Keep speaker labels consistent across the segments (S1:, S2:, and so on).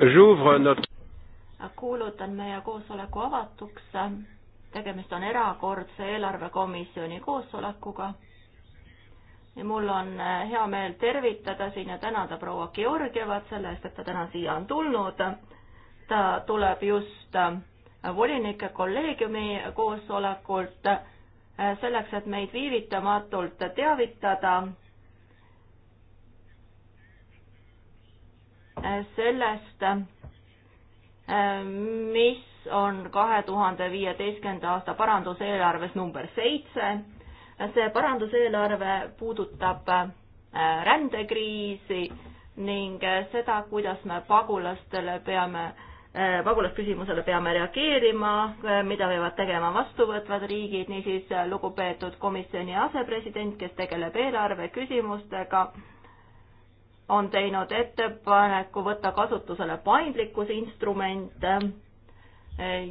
S1: J'ouvre notre kuulutan meie koosoleku avatuks. tegemist on erakordse eelarvekomisjoni koosolekuga. ja mul on eh, hea meel tervitada siin ja tänada proua Georgievat selle eest, et ta täna siia on tulnud. ta tuleb just eh, volinike kolleegiumi koosolekult eh, selleks, et meid viivitamatult teavitada sellest, äh, mis on kahe tuhande viieteistkümnenda aasta paranduseelarves number seitse. see paranduseelarve puudutab äh, rändekriisi ning äh, seda, kuidas me pagulastele peame, pagulasküsimusele peame reageerima, mida peavad tegema vastuvõtvad riigid, niisiis lugupeetud komisjoni asepresident, kes tegeleb eelarve küsimustega on teinud ettepaneku võtta kasutusele paindlikkusinstrument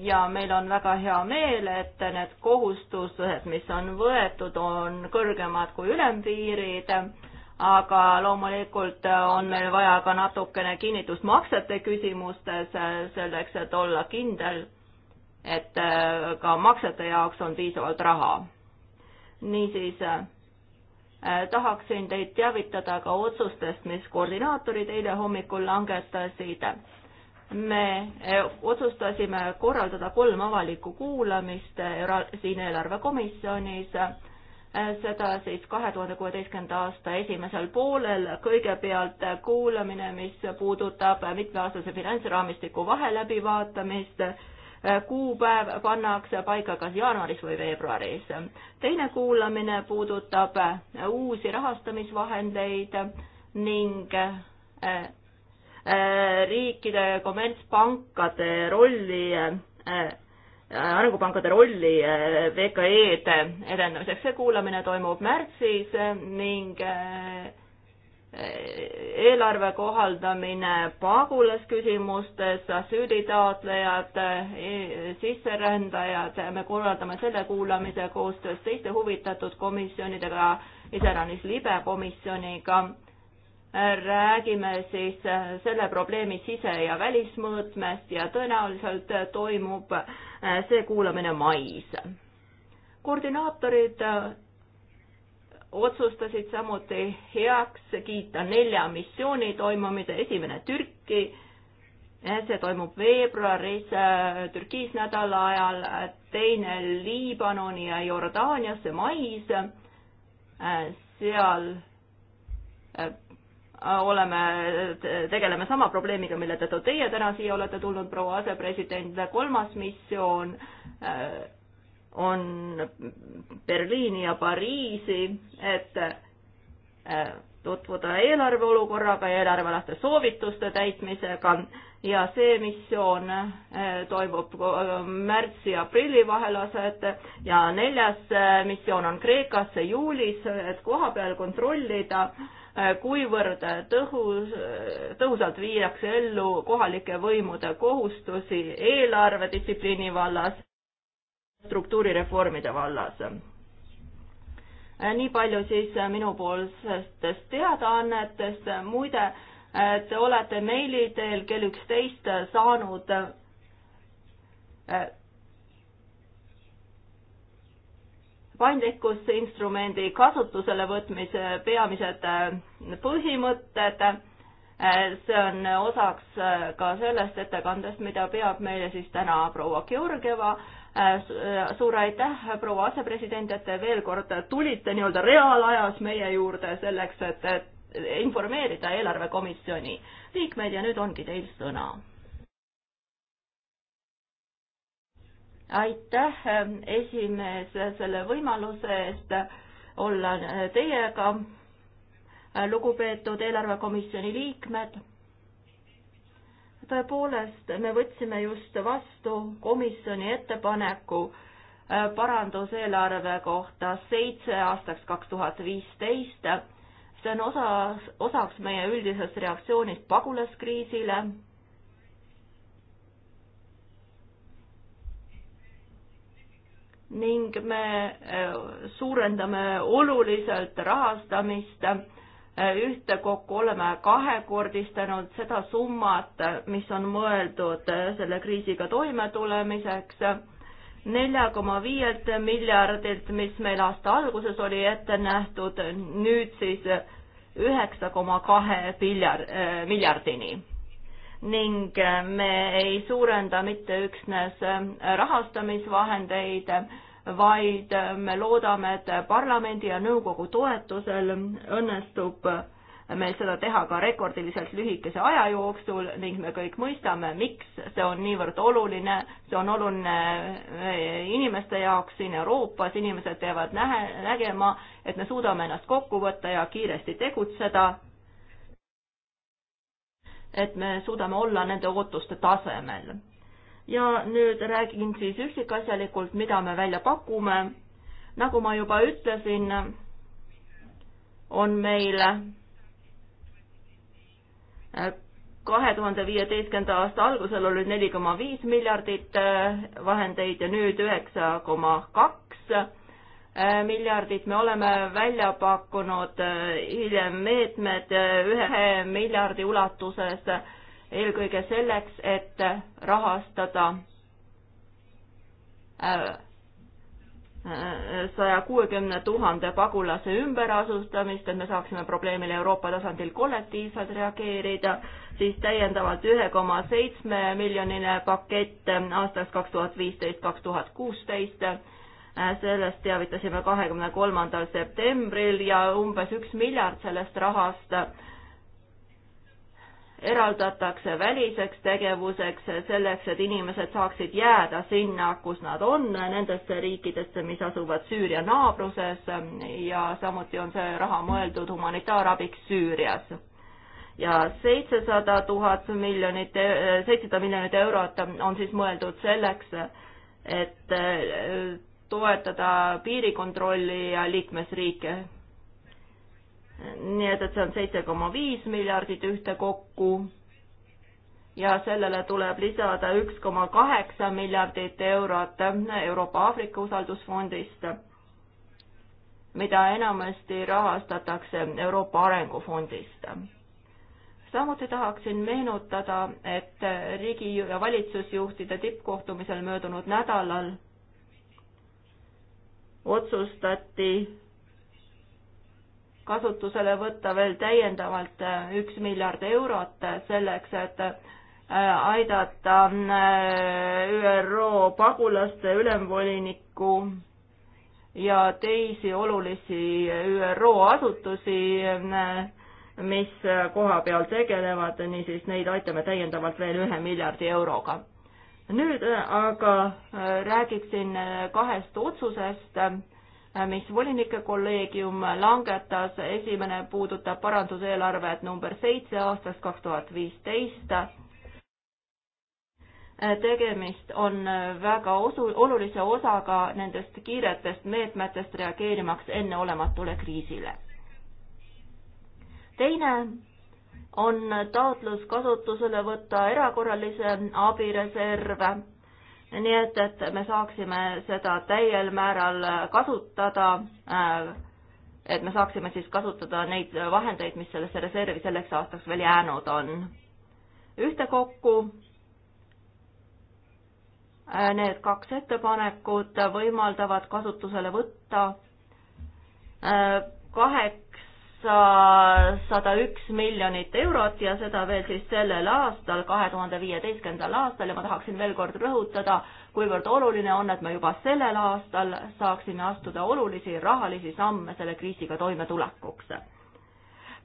S1: ja meil on väga hea meel, et need kohustused, mis on võetud, on kõrgemad kui ülempiirid, aga loomulikult on meil vaja ka natukene kinnitust maksete küsimustes, selleks et olla kindel, et ka maksete jaoks on piisavalt raha. niisiis Äh, tahaksin teid teavitada ka otsustest, mis koordinaatorid eile hommikul langetasid. me äh, otsustasime korraldada kolm avalikku kuulamist äh, siin eelarvekomisjonis, seda siis kahe tuhande kuueteistkümnenda aasta esimesel poolel, kõigepealt kuulamine, mis puudutab mitmeaastase finantsraamistiku vahe läbivaatamist kuupäev pannakse paika kas jaanuaris või veebruaris. teine kuulamine puudutab uusi rahastamisvahendeid ning äh, äh, riikide kommertspankade rolli äh, arengupankade rolli VKE-de edendamiseks. see kuulamine toimub märtsis ning eelarve kohaldamine pagulasküsimustes, asüülitaotlejad, sisserändajad, me korraldame selle kuulamise koostöös teiste huvitatud komisjonidega, iseäranis libe komisjoniga räägime siis selle probleemi sise- ja välismõõtmest ja tõenäoliselt toimub see kuulamine mais. koordinaatorid otsustasid samuti heaks kiita nelja missiooni toimumise, esimene Türki, see toimub veebruaris Türgis nädala ajal, teine Liibanoni ja Jordaaniasse mais, seal äh, oleme, tegeleme sama probleemiga, mille tõttu teie täna siia olete tulnud, proua asepresident, kolmas missioon äh, on Berliini ja Pariisi, et äh, tutvuda eelarve olukorraga ja eelarvelaste soovituste täitmisega ja see missioon äh, toimub märtsi ja aprilli vahel aset ja neljas äh, missioon on Kreekasse juulis, et kohapeal kontrollida, kuivõrd tõhus, tõhusalt viiakse ellu kohalike võimude kohustusi eelarvedistsipliini vallas struktuurireformide vallas. nii palju siis minupoolsetest teadaannetest, muide, te olete meili teel kell üksteist saanud eh, paindlikkusinstrumendi kasutusele võtmise peamised eh, põhimõtted. Eh, see on osaks ka sellest ettekandest, mida peab meile siis täna proua Georgieva Äh, äh, suur aitäh, proua asepresident, et te veel kord tulite nii-öelda reaalajas meie juurde selleks, et informeerida eelarvekomisjoni liikmeid ja nüüd ongi teil sõna. aitäh, esimees, selle võimaluse eest olla teiega, lugupeetud eelarvekomisjoni liikmed tõepoolest, me võtsime just vastu komisjoni ettepaneku äh, paranduseelarve kohta seitse aastaks kaks tuhat viisteist. see on osa, osaks meie üldisest reaktsioonist pagulaskriisile. ning me äh, suurendame oluliselt rahastamist ühtekokku oleme kahekordistanud seda summat, mis on mõeldud selle kriisiga toimetulemiseks. nelja koma viielt miljardilt, mis meil aasta alguses oli ette nähtud, nüüd siis üheksa koma kahe miljard, miljardini. ning me ei suurenda mitte üksnes rahastamisvahendeid vaid me loodame, et parlamendi ja nõukogu toetusel õnnestub meil seda teha ka rekordiliselt lühikese aja jooksul ning me kõik mõistame, miks see on niivõrd oluline. see on oluline inimeste jaoks siin Euroopas, inimesed peavad nähe, nägema, et me suudame ennast kokku võtta ja kiiresti tegutseda. et me suudame olla nende ootuste tasemel ja nüüd räägin siis üksikasjalikult, mida me välja pakume. nagu ma juba ütlesin, on meil äh, kahe tuhande viieteistkümnenda aasta algusel oli neli koma viis miljardit äh, vahendeid ja nüüd üheksa koma kaks äh, miljardit. me oleme välja pakkunud hiljem meetmed ühe miljardi ulatuses eelkõige selleks, et rahastada äh, äh, saja kuuekümne tuhande pagulase ümberasustamist, et me saaksime probleemile Euroopa tasandil kollektiivselt reageerida, siis täiendavalt ühe koma seitsme miljonine pakett aastaks kaks tuhat viisteist, kaks tuhat kuusteist. Äh, sellest teavitasime kahekümne kolmandal septembril ja umbes üks miljard sellest rahast eraldatakse väliseks tegevuseks, selleks, et inimesed saaksid jääda sinna, kus nad on, nendesse riikidesse, mis asuvad Süüria naabruses ja samuti on see raha mõeldud humanitaarabiks Süürias. ja seitsesada tuhat miljonit, e-, seitsesada miljonit eurot on siis mõeldud selleks, et e, toetada piirikontrolli ja liikmesriike nii et, et see on seitse koma viis miljardit ühtekokku ja sellele tuleb lisada üks koma kaheksa miljardit eurot Euroopa-Aafrika usaldusfondist, mida enamasti rahastatakse Euroopa Arengufondist. samuti tahaksin meenutada, et riigi- ja valitsusjuhtide tippkohtumisel möödunud nädalal otsustati kasutusele võtta veel täiendavalt äh, üks miljard eurot selleks, et äh, aidata äh, ÜRO pagulaste ülemvoliniku ja teisi olulisi ÜRO asutusi, mis koha peal tegelevad, niisiis neid aitame täiendavalt veel ühe miljardi euroga. nüüd aga räägiksin kahest otsusest Äh, mis volinike kolleegium langetas, esimene puudutab paranduseelarvet number seitse aastast kaks tuhat viisteist. Äh, tegemist on äh, väga osu-, olulise osaga nendest kiiretest meetmetest reageerimaks enneolematule kriisile. teine on taotlus kasutusele võtta erakorralise abireserv nii et, et me saaksime seda täiel määral kasutada, äh, et me saaksime siis kasutada neid vahendeid, mis sellesse reservi selleks aastaks veel jäänud on. ühtekokku äh, need kaks ettepanekut võimaldavad kasutusele võtta äh, kahe sada üks miljonit eurot ja seda veel siis sellel aastal, kahe tuhande viieteistkümnendal aastal ja ma tahaksin veel kord rõhutada, kuivõrd oluline on, et me juba sellel aastal saaksime astuda olulisi rahalisi samme selle kriisiga toimetulekuks.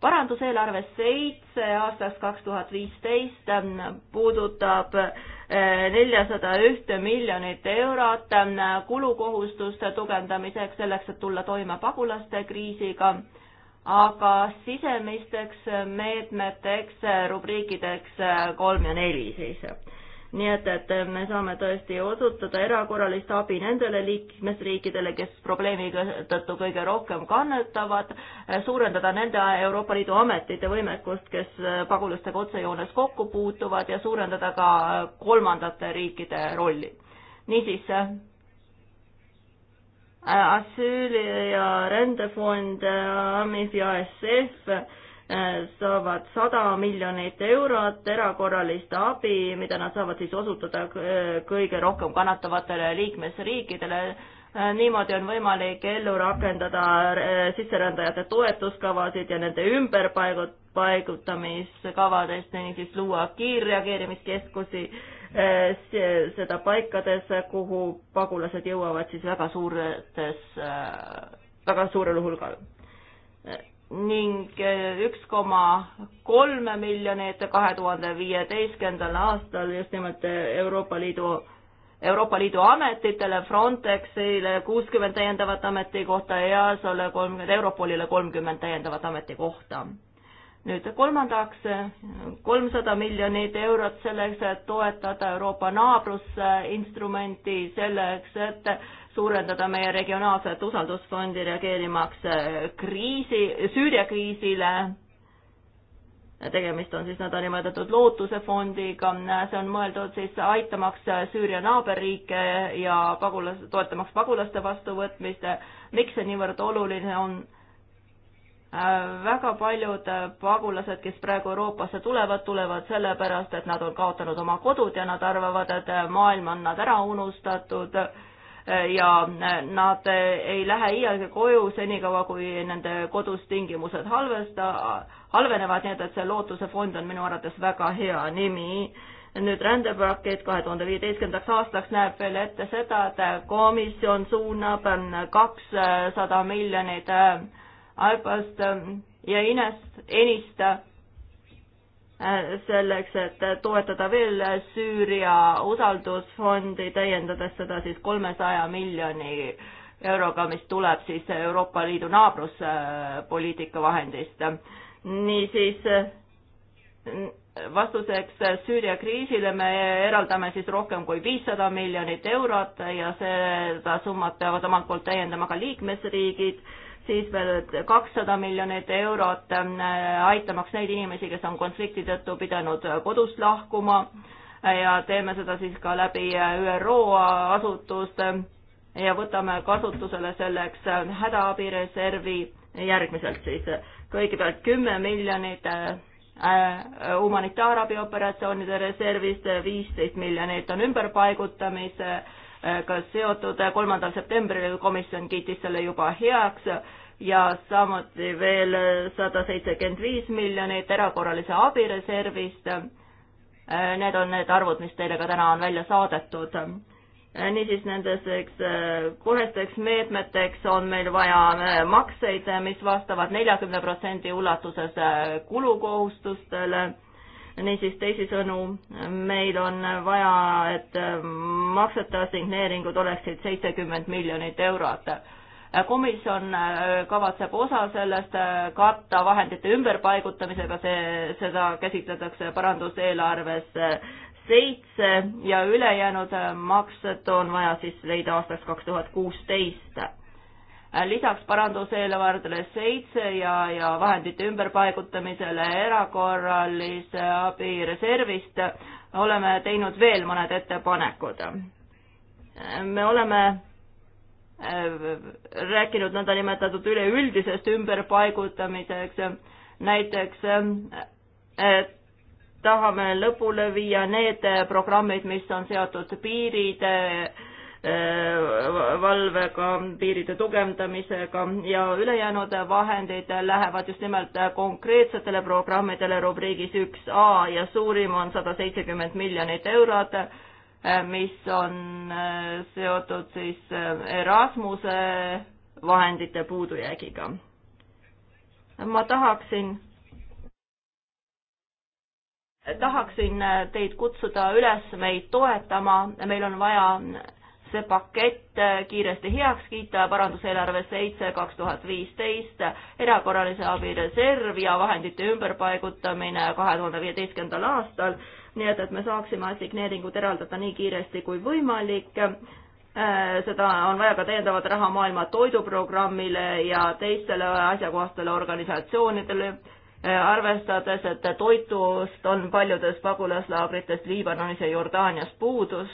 S1: paranduseelarve seitse aastast kaks tuhat viisteist puudutab eh, neljasada ühte miljonit eurot kulukohustuste tugevdamiseks, selleks et tulla toime pagulaste kriisiga aga sisemisteks meetmeteks, rubriikideks kolm ja neli siis. nii et, et me saame tõesti osutada erakorralist abi nendele liikmesriikidele, kes probleemi tõttu kõige rohkem kannatavad, suurendada nende Euroopa Liidu ametite võimekust, kes pagulastega otsejoones kokku puutuvad ja suurendada ka kolmandate riikide rolli. niisiis Äh, asüüli- ja rändefond äh, AMIF ja ASF äh, saavad sada miljonit eurot erakorralist abi, mida nad saavad siis osutada kõige rohkem kannatavatele liikmesriikidele. niimoodi on võimalik ellu rakendada sisserändajate toetuskavasid ja nende ümberpaigutamist paigutamiskavadest ning siis luua kiirreageerimiskeskusi Äh, seda paikadesse, kuhu pagulased jõuavad siis väga suurtes, äh, väga suurel hulgal. ning äh, üks koma kolm miljonit kahe tuhande viieteistkümnendal aastal just nimelt Euroopa Liidu Euroopa Liidu ametitele, Frontexile kuuskümmend täiendavat ametikohta, EASO-le kolmkümmend, Europolile kolmkümmend täiendavat ametikohta nüüd kolmandaks, kolmsada miljonit eurot selleks, et toetada Euroopa naabrusinstrumenti, selleks, et suurendada meie regionaalset usaldusfondi reageerimaks kriisi, Süüria kriisile. tegemist on siis nõndanimetatud lootuse fondiga, see on mõeldud siis aitamaks Süüria naaberriike ja pagulas, toetamaks pagulaste vastuvõtmist. miks see niivõrd oluline on? väga paljud äh, pagulased, kes praegu Euroopasse tulevad, tulevad sellepärast, et nad on kaotanud oma kodud ja nad arvavad, et äh, maailm on nad ära unustatud äh, ja nad ei lähe iialgi koju senikaua, kui nende kodus tingimused halvesta, halvenevad, nii et, et see lootuse fond on minu arvates väga hea nimi nüüd rändepakett kahe tuhande viieteistkümnendaks aastaks näeb veel ette seda, et komisjon suunab kakssada miljonit Albast ähm, ja Inest, Enist äh, selleks, et toetada veel Süüria usaldusfondi, täiendades seda siis kolmesaja miljoni euroga, mis tuleb siis Euroopa Liidu naabruspoliitika vahendist. niisiis vastuseks Süüria kriisile me eraldame siis rohkem kui viissada miljonit eurot ja seda summat peavad omalt poolt täiendama ka liikmesriigid siis veel kakssada miljonit eurot äh, aitamaks neid inimesi, kes on konflikti tõttu pidanud kodust lahkuma ja teeme seda siis ka läbi äh, ÜRO asutuste ja võtame kasutusele selleks äh, hädaabireservi järgmiselt siis kõigepealt kümme miljonit humanitaarabioperatsioonide reservist, viisteist miljonit on ümberpaigutamise ka seotud. kolmandal septembril komisjon kiitis selle juba heaks ja samuti veel sada seitsekümmend viis miljonit erakorralise abireservist. Need on need arvud, mis teile ka täna on välja saadetud niisiis nendeks äh, kohesteks meetmeteks on meil vaja äh, makseid, mis vastavad neljakümne protsendi ulatuses äh, kulukohustustele niisiis teisisõnu, meil on vaja, et äh, maksete assigneeringud oleksid seitsekümmend miljonit eurot. komisjon äh, kavatseb osa sellest äh, katta vahendite ümberpaigutamisega, see, seda käsitletakse paranduseelarves seitse ja ülejäänud maksed on vaja siis leida aastaks kaks tuhat kuusteist Äh, lisaks paranduseelarvele seitse ja, ja vahendite ümberpaigutamisele erakorralise abi reservist oleme teinud veel mõned ettepanekud. me oleme äh, rääkinud nõndanimetatud üleüldisest ümberpaigutamiseks, näiteks äh, tahame lõpule viia need programmid, mis on seotud piiride Äh, valvega, piiride tugevdamisega ja ülejäänud vahendid lähevad just nimelt konkreetsetele programmidele rubriigis üks A ja suurim on sada seitsekümmend miljonit eurot, äh, mis on äh, seotud siis Erasmuse vahendite puudujäägiga. ma tahaksin tahaksin teid kutsuda üles meid toetama, meil on vaja see pakett kiiresti heaks kiita, paranduseelarve seitse kaks tuhat viisteist, erakorralise abi reserv ja vahendite ümberpaigutamine kahe tuhande viieteistkümnendal aastal, nii et, et me saaksime assigneeringud eraldada nii kiiresti kui võimalik äh, seda on vaja ka täiendavat raha Maailma Toiduprogrammile ja teistele asjakohastele organisatsioonidele, äh, arvestades, et toitust on paljudes pagulaslaagrites Liibanonis ja Jordaanias puudus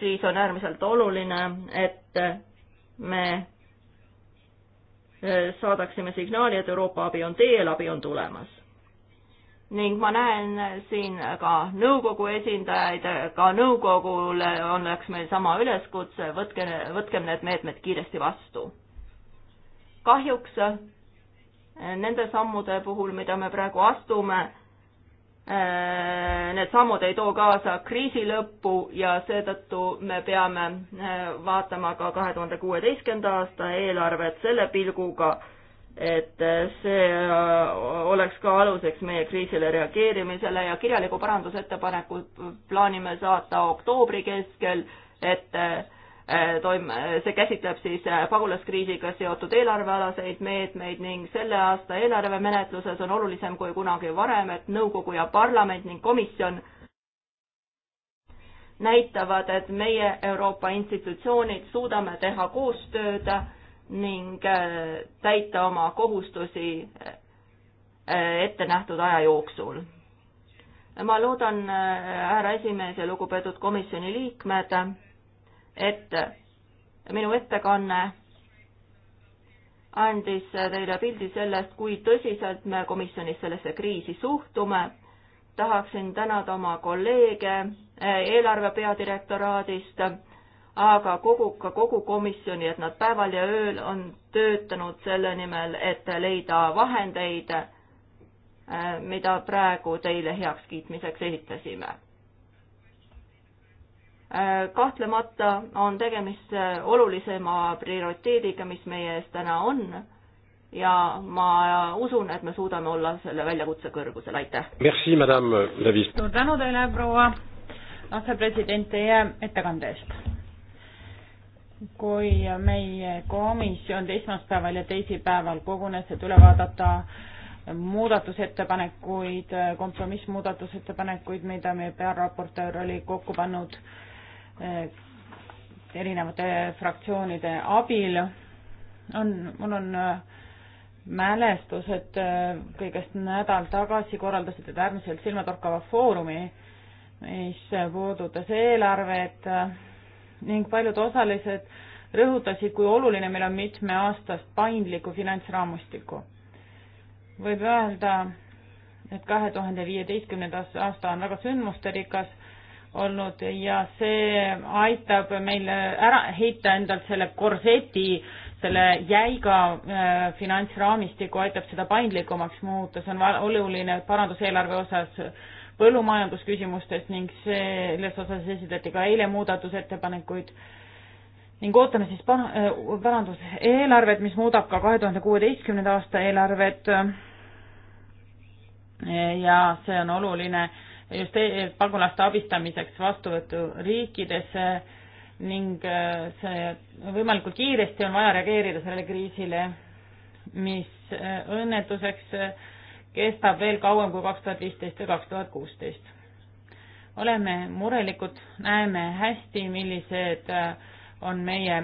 S1: siis on äärmiselt oluline, et me äh, saadaksime signaali, et Euroopa abi on teel, abi on tulemas ning ma näen siin ka nõukogu esindajaid, ka nõukogule oleks meil sama üleskutse, võtke, võtkem need meetmed kiiresti vastu. kahjuks äh, nende sammude puhul, mida me praegu astume, Äh, need sammud ei too kaasa kriisi lõppu ja seetõttu me peame äh, vaatama ka kahe tuhande kuueteistkümnenda aasta eelarvet selle pilguga, et äh, see oleks ka aluseks meie kriisile reageerimisele ja kirjaliku parandusettepaneku plaanime saata oktoobri keskel, et Äh, toim-, äh, see käsitleb siis äh, pagulaskriisiga seotud eelarvealaseid meetmeid ning selle aasta eelarvemenetluses on olulisem kui kunagi varem, et nõukogu ja parlament ning komisjon näitavad, et meie Euroopa institutsioonid suudame teha koostööd ning täita oma kohustusi ette nähtud aja jooksul. ma loodan, härra esimees ja lugupeetud komisjoni liikmed, et minu ettekanne andis teile pildi sellest, kui tõsiselt me komisjonis sellesse kriisi suhtume. tahaksin tänada oma kolleege eelarve peadirektoraadist, aga kogu, ka kogu komisjoni, et nad päeval ja ööl on töötanud selle nimel, et leida vahendeid, mida praegu teile heakskiitmiseks esitasime Äh, kahtlemata on tegemist äh, olulisema prioriteediga, mis meie ees täna on ja ma usun, et me suudame olla selle väljakutse kõrgusel, aitäh! suur
S2: tänu teile, proua asepresident, teie ettekande eest! kui meie komisjon esmaspäeval ja teisipäeval kogunes, et üle vaadata muudatusettepanekuid, kompromissmuudatusettepanekuid, mida meie pearaportöör oli kokku pannud äh, Äh, erinevate fraktsioonide abil. on, mul on äh, mälestused äh, kõigest nädal tagasi korraldasid äärmiselt silmatorkava foorumi, mis puudutas eelarvet ning paljud osalised rõhutasid, kui oluline meil on mitmeaastast paindlikku finantsraamistikku. võib öelda, et kahe tuhande viieteistkümnendas aasta on väga sündmusterikas olnud ja see aitab meil ära heita endalt selle korseti, selle jäiga äh, finantsraamistiku, aitab seda paindlikumaks muuta, see on oluline paranduseelarve osas põllumajandusküsimustes ning selles osas esitati ka eile muudatusettepanekuid ning ootame siis äh, paranduseelarvet, mis muudab ka kahe tuhande kuueteistkümnenda aasta eelarvet. ja see on oluline just e-, e-, pagulaste abistamiseks vastuvõturiikidesse ning äh, see võimalikult kiiresti on vaja reageerida sellele kriisile, mis äh, õnnetuseks äh, kestab veel kauem kui kaks tuhat viisteist või kaks tuhat kuusteist. oleme murelikud, näeme hästi, millised on meie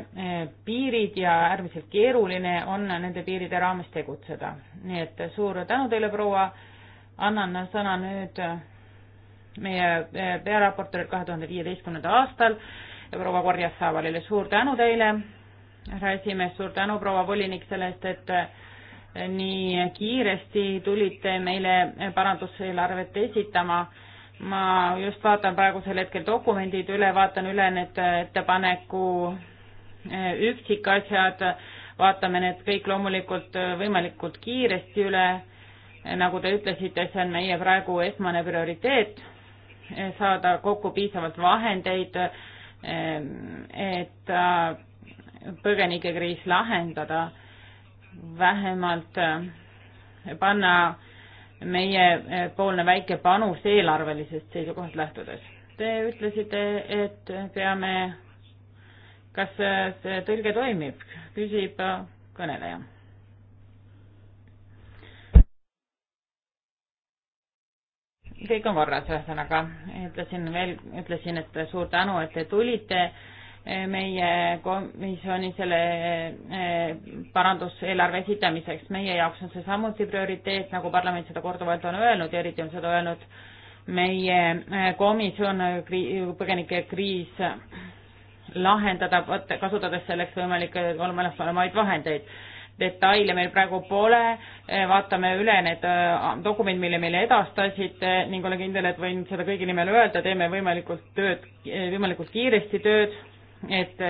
S2: piirid ja äärmiselt keeruline on nende piiride raames tegutseda. nii et suur tänu teile, proua, annan sõna nüüd meie eh, pearaportöör kahe tuhande viieteistkümnendal aastal, proua Korjas Saavalile, suur tänu teile, härra esimees, suur tänu, proua volinik, selle eest, et eh, nii kiiresti tulite meile paranduseelarvet esitama. ma just vaatan praegusel hetkel dokumendid üle, vaatan üle need eh, ettepaneku üksikasjad, vaatame need kõik loomulikult võimalikult kiiresti üle nagu te ütlesite, see on meie praegu esmane prioriteet saada kokku piisavalt vahendeid, ehm, et äh, põgenikekriis lahendada, vähemalt äh, panna meiepoolne äh, väike panus eelarvelisest seisukohast lähtudes. Te ütlesite, et peame, kas tõlge toimib, küsib kõneleja kõik on korras, ühesõnaga ütlesin veel, ütlesin, et suur tänu, et te tulite e, meie komisjoni selle e, paranduseelarve esitamiseks. meie jaoks on see samuti prioriteet, nagu parlament seda korduvalt on öelnud ja eriti on seda öelnud meie e, komisjon põgenikekriis lahendada, kasutades selleks võimalikke olemasolevaid vahendeid detaile meil praegu pole, eh, vaatame üle need eh, dokumendid, mille meile edastasite ning olen kindel, et võin seda kõigi nimel öelda, teeme võimalikult tööd, eh, võimalikult kiiresti tööd, et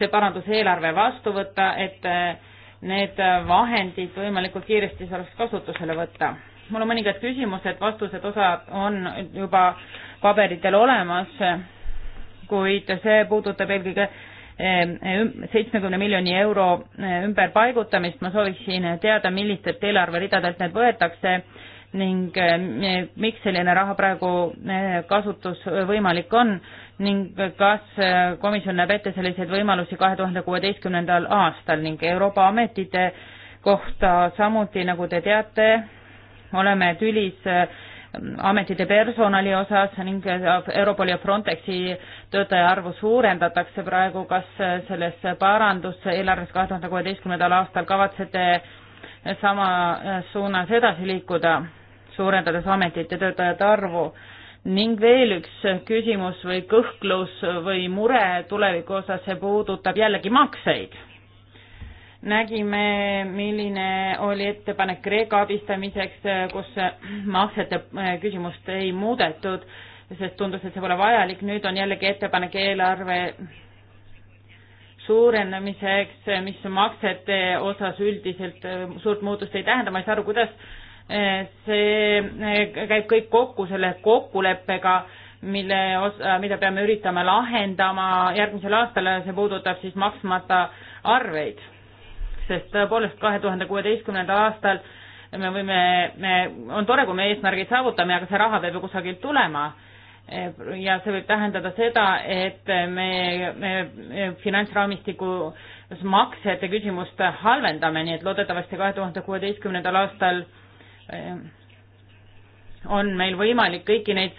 S2: see paranduseelarve vastu võtta, et need vahendid võimalikult kiiresti saaks kasutusele võtta. mul on mõningad küsimused, vastused, osad on juba paberitel olemas, kuid see puudutab eelkõige seitsmekümne miljoni euro eh, ümberpaigutamist, ma sooviksin teada, millistelt eelarveridadelt need võetakse ning eh, miks selline raha praegu eh, kasutus võimalik on ning kas komisjon näeb ette selliseid võimalusi kahe tuhande kuueteistkümnendal aastal ning Euroopa ametite kohta samuti, nagu te teate, oleme tülis ametite personali osas ning Europoli ja Frontexi töötaja arvu suurendatakse praegu, kas selles paranduseelarves kahe tuhande kuueteistkümnendal aastal kavatsete sama suunas edasi liikuda, suurendades ametite töötajate arvu? ning veel üks küsimus või kõhklus või mure tuleviku osas, see puudutab jällegi makseid nägime, milline oli ettepanek Kreeka abistamiseks, kus maksete äh, küsimust ei muudetud, sest tundus, et see pole vajalik, nüüd on jällegi ettepanek eelarve suurendamiseks, mis maksete osas üldiselt äh, suurt muutust ei tähenda, ma ei saa aru, kuidas äh, see käib kõik kokku selle kokkuleppega, mille osa, mida peame üritama lahendama järgmisel aastal, see puudutab siis maksmata arveid sest tõepoolest kahe tuhande kuueteistkümnendal aastal me võime, me, on tore, kui me eesmärgid saavutame, aga see raha peab ju kusagilt tulema. ja see võib tähendada seda, et me, me finantsraamistikus maksjate küsimust halvendame, nii et loodetavasti kahe tuhande kuueteistkümnendal aastal eh, on meil võimalik kõiki neid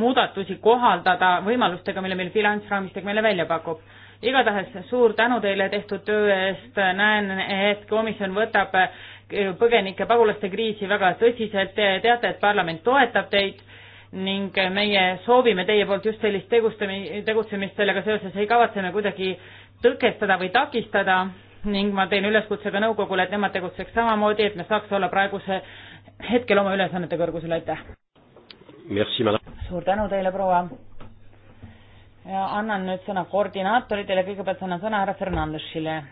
S2: muudatusi kohaldada võimalustega, mille meil finantsraamistik meile välja pakub. igatahes suur tänu teile tehtud töö eest, näen, et komisjon võtab põgenike pagulaste kriisi väga tõsiselt, teate, et parlament toetab teid ning meie soovime teie poolt just sellist tegustami-, tegutsemist, sellega seoses ei kavatse me kuidagi tõkestada või takistada ning ma teen üleskutse ka nõukogule, et nemad tegutseks samamoodi, et me saaks olla praeguse hetkel oma ülesannete kõrgusel, aitäh! suur tänu teile, proua. annan nüüd sõna koordinaatoritele, kõigepealt annan sõna härra Fernandesile.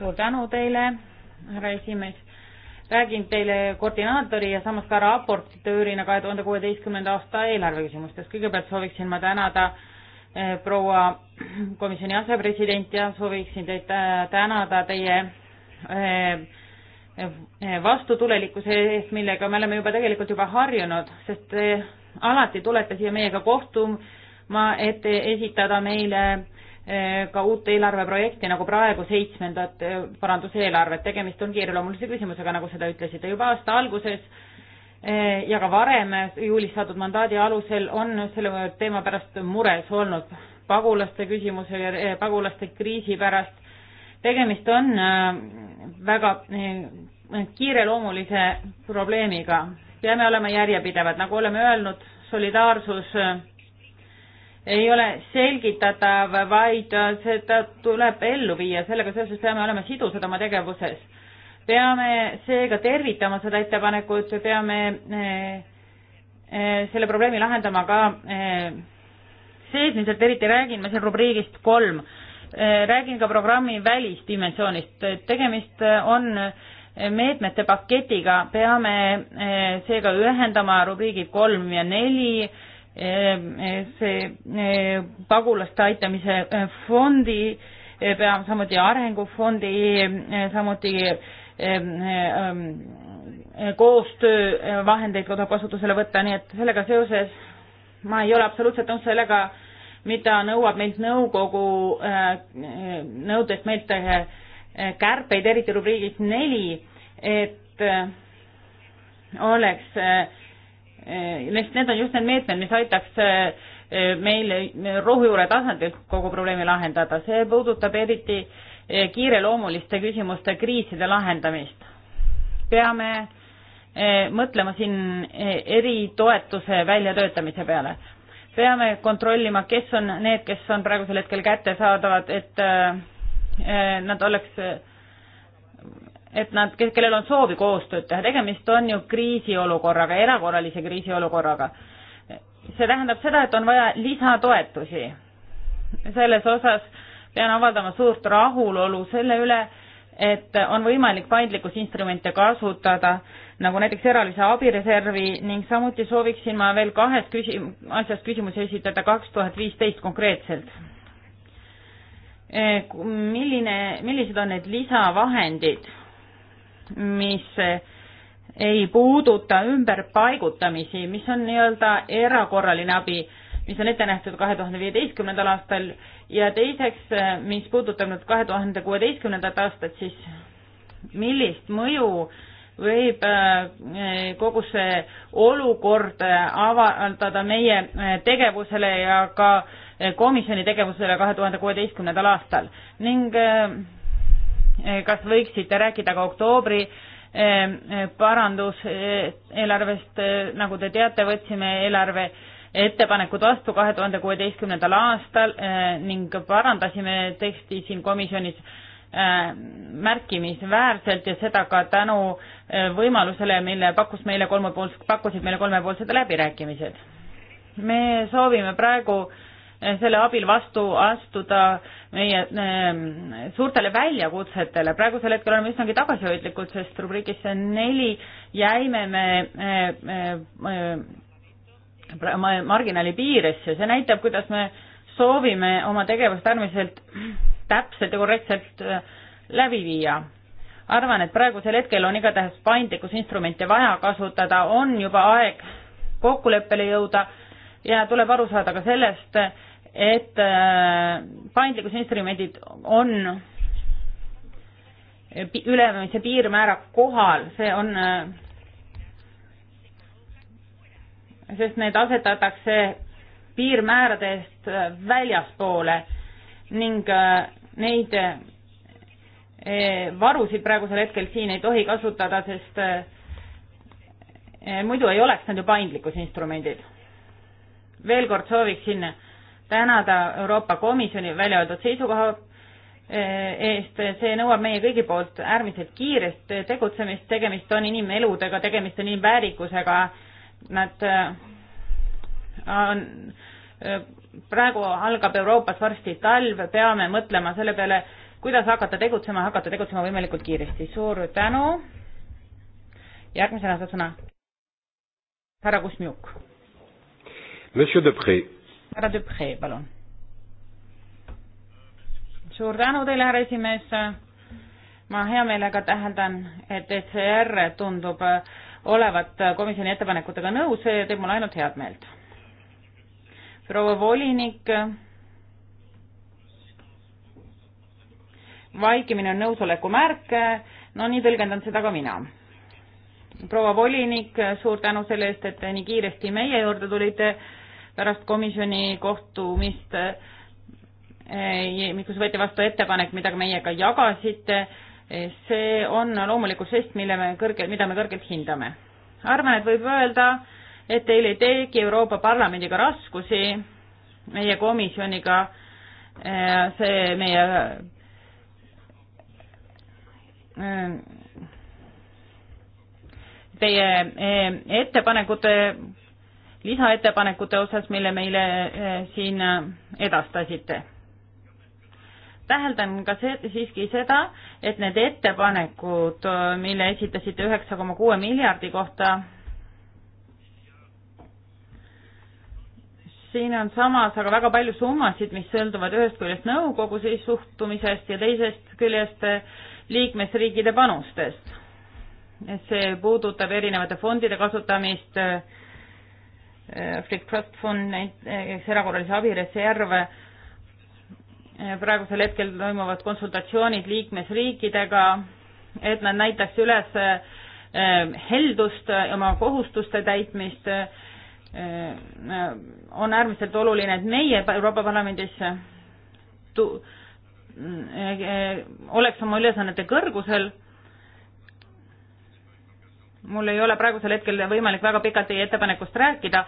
S2: suur tänu teile, härra esimees. räägin teile koordinaatori ja samas ka raportöörina kahe tuhande kuueteistkümnenda aasta eelarve küsimustes. kõigepealt sooviksin ma tänada eh, proua komisjoni asepresident ja sooviksin teid eh, tänada teie äh, vastutulelikkuse eest, millega me oleme juba tegelikult juba harjunud, sest te alati tulete siia meiega kohtuma, et esitada meile eh, ka uut eelarveprojekti nagu praegu seitsmendat eh, paranduseelarvet, tegemist on kiireloomulise küsimusega, nagu seda ütlesite juba aasta alguses eh, ja ka varem juulis saadud mandaadi alusel on selle teema pärast mures olnud, pagulaste küsimuse, pagulaste kriisi pärast. tegemist on väga kiireloomulise probleemiga. peame olema järjepidevad, nagu oleme öelnud, solidaarsus äh, ei ole selgitatav, vaid äh, seda tuleb ellu viia, sellega seoses peame olema sidusad oma tegevuses. peame seega tervitama seda ettepanekut, peame äh, selle probleemi lahendama ka seesmiselt, eriti räägin ma siin rubriigist kolm, räägin ka programmi välisdimensioonist, tegemist on meetmete paketiga peame eh, seega ühendama rubriigid kolm ja neli, eh, see eh, pagulaste aitamise fondi, peame samuti arengufondi, samuti koostöövahendeid tuleb kasutusele võtta, nii et sellega seoses ma ei ole absoluutselt nõus sellega, mida nõuab meilt nõukogu, nõudes meilt kärpeid, eriti rubriigis neli, et äh, oleks, äh, need on just need meetmed, mis aitaks äh, meil rohujuure tasandil kogu probleemi lahendada, see puudutab eriti kiireloomuliste küsimuste kriiside lahendamist. peame mõtlema siin eritoetuse väljatöötamise peale. peame kontrollima, kes on need, kes on praegusel hetkel kättesaadavad, et Eh, nad oleks, eh, et nad, kellel on soovi koostööd teha, tegemist on ju kriisiolukorraga, erakorralise kriisiolukorraga. see tähendab seda, et on vaja lisatoetusi. selles osas pean avaldama suurt rahulolu selle üle, et on võimalik paindlikkusinstrumente kasutada, nagu näiteks eralise abireservi ning samuti sooviksin ma veel kahes küsim-, asjas küsimusi esitada kaks tuhat viisteist konkreetselt Eh, milline, millised on need lisavahendid, mis eh, ei puuduta ümberpaigutamisi, mis on nii-öelda erakorraline abi, mis on ette nähtud kahe tuhande viieteistkümnendal aastal ja teiseks, eh, mis puudutab nüüd kahe tuhande kuueteistkümnendat aastat, siis millist mõju võib kogu see olukord avaldada meie tegevusele ja ka äh, komisjoni tegevusele kahe tuhande kuueteistkümnendal aastal ning eh, eh, kas võiksite rääkida ka oktoobri eh, parandus eelarvest, nagu te teate, võtsime eelarve ettepanekud vastu kahe tuhande kuueteistkümnendal aastal ning parandasime teksti siin komisjonis märkimisväärselt ja seda ka tänu võimalusele, mille pakkus meile kolmepoolsed, pakkusid meile kolmepoolsed läbirääkimised. me soovime praegu äh, selle abil vastu astuda meie ehm, suurtele väljakutsetele. praegusel hetkel oleme üsnagi tagasihoidlikud, sest rubriigisse neli jäime me ehm, ehm, marginaali piiresse, see näitab, kuidas me soovime oma tegevust äärmiselt täpselt ja korrektselt läbi viia. arvan, et praegusel hetkel on igatahes paindlikkusinstrumente vaja kasutada, on juba aeg kokkuleppele jõuda ja tuleb aru saada ka sellest, et äh, paindlikkusinstrumendid on ülemise piirmäära kohal, see on, äh, sest need asetatakse piirmääradest äh, väljaspoole ning neid varusid praegusel hetkel siin ei tohi kasutada, sest muidu ei oleks nad ju paindlikkusinstrumendid. veel kord sooviksin tänada Euroopa Komisjoni välja öeldud seisukoha eh, eest, see nõuab meie kõigi poolt äärmiselt kiirest tegutsemist, tegemist on inimeludega, tegemist on inimväärikusega, nad eh, on, eh, praegu algab Euroopas varsti talv, peame mõtlema selle peale, kuidas hakata tegutsema, hakata tegutsema võimalikult kiiresti, suur tänu, järgmisena saab sõna härra Kusmjuk.
S1: Monsieur Depree
S2: härra Tüpre, palun. suur tänu teile, härra esimees. ma hea meelega täheldan, et ECR tundub olevat komisjoni ettepanekutega nõus, see teeb mulle ainult head meelt. proua volinik, vaikimine on nõusoleku märk, no nii tõlgendan seda ka mina. proua volinik, suur tänu selle eest, et te nii kiiresti meie juurde tulite pärast komisjoni kohtumist, eh, kus võeti vastu ettepanek, mida meiega jagasite, eh, see on loomulikult žest, mille me kõrgelt, mida me kõrgelt hindame. arvan, et võib öelda, et teil ei teegi Euroopa Parlamendiga raskusi, meie komisjoniga, eh, see meie teie ettepanekute lisaettepanekute osas, mille meile eh, siin eh, edastasite. täheldan ka see, siiski seda, et need ettepanekud, eh, mille esitasite üheksa koma kuue miljardi kohta, siin on samas aga väga palju summasid, mis sõltuvad ühest küljest nõukogu siis suhtumisest ja teisest küljest liikmesriikide panustest. see puudutab erinevate fondide kasutamist äh, Eh, Flick Trust Fund, näiteks eh, erakorralise abi reserv, eh, praegusel hetkel toimuvad konsultatsioonid liikmesriikidega, et nad näitaks üles heldust oma kohustuste täitmist, on äärmiselt oluline, et meie Euroopa Parlamendis tu-, oleks oma ülesannete kõrgusel mul ei ole praegusel hetkel võimalik väga pikalt teie ettepanekust rääkida.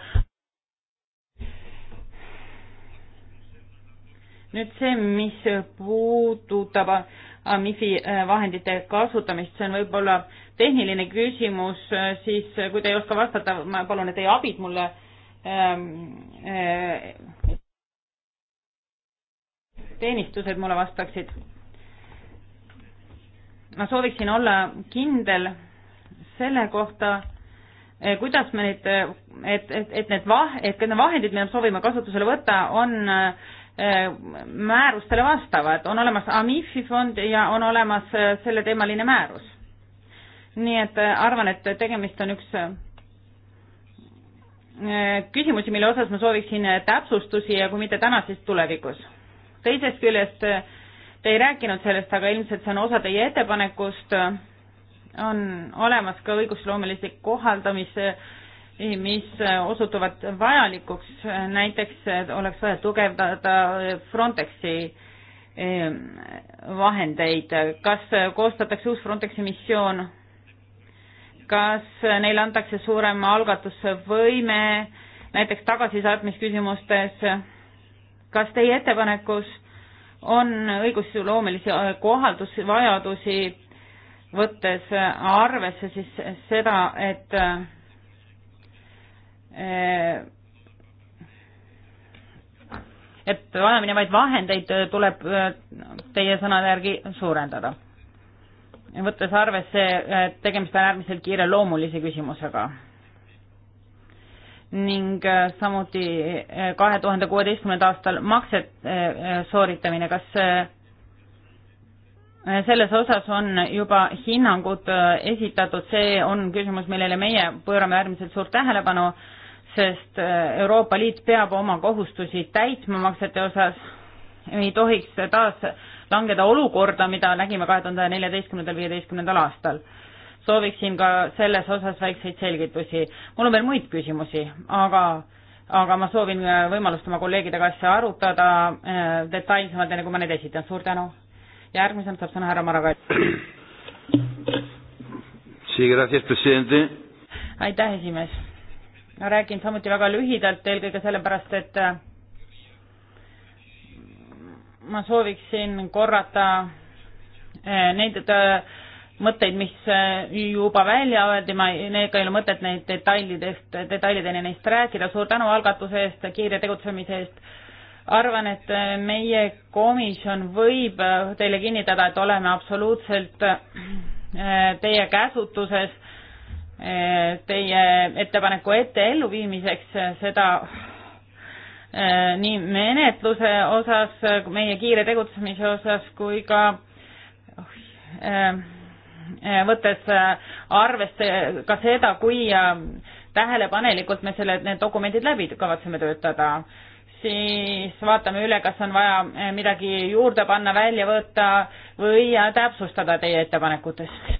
S2: nüüd see, mis puudutab MIFi äh, vahendite kasutamist, see on võib-olla tehniline küsimus, äh, siis äh, kui te ei oska vastata, ma palun teie abid mulle. Ähm, teenistused mulle vastaksid. ma sooviksin olla kindel selle kohta, eh, kuidas me neid, eh, et, et, et need vah-, et need vahendid, mida me soovime kasutusele võtta, on eh, määrustele vastavad, on olemas AMIF-i fond ja on olemas selleteemaline määrus. nii et arvan, et tegemist on üks küsimusi, mille osas ma sooviksin täpsustusi ja kui mitte täna, siis tulevikus. teisest küljest te ei rääkinud sellest, aga ilmselt see on osa teie ettepanekust on olemas ka õigusloomelisi kohaldamisi, mis osutuvad vajalikuks, näiteks oleks vaja tugevdada Frontexi ehm, vahendeid, kas koostatakse uus Frontexi missioon, kas neile antakse suurema algatusvõime näiteks tagasisaatmisküsimustes, kas teie ettepanekus on õigusloomelisi kohaldusvajadusi võttes arvesse siis seda, et eh, et vajaminevaid vahendeid tuleb eh, teie sõnade järgi suurendada. võttes arvesse, et tegemist on äärmiselt kiireloomulise küsimusega. ning eh, samuti kahe tuhande kuueteistkümnendal aastal maksete sooritamine, kas Äh, selles osas on juba hinnangud äh, esitatud, see on küsimus, millele meie pöörame äärmiselt suurt tähelepanu, sest äh, Euroopa Liit peab oma kohustusi täitma maksete osas, ei tohiks taas langeda olukorda, mida nägime kahe tuhande neljateistkümnendal, viieteistkümnendal aastal. sooviksin ka selles osas väikseid selgitusi. mul on veel muid küsimusi, aga aga ma soovin võimalust oma kolleegidega asja arutada detailsemalt, enne kui ma need esitan, suur tänu järgmisena saab sõna härra Maragall. aitäh, esimees. ma räägin samuti väga lühidalt, eelkõige sellepärast, et äh, ma sooviksin korrata äh, neid äh, mõtteid, mis juba välja öeldi, ma, ega ei ole mõtet neid detailidest, detailideni neist rääkida, suur tänu algatuse eest, kiire tegutsemise eest arvan, et äh, meie komisjon võib äh, teile kinnitada, et oleme absoluutselt äh, teie käsutuses teie ettepaneku ette elluviimiseks, seda nii menetluse osas, meie kiire tegutsemise osas kui ka võttes arvesse ka seda, kui tähelepanelikult me selle, need dokumendid läbi kavatseme töötada siis vaatame üle, kas on vaja eh, midagi juurde panna, välja võtta või täpsustada teie ettepanekutest.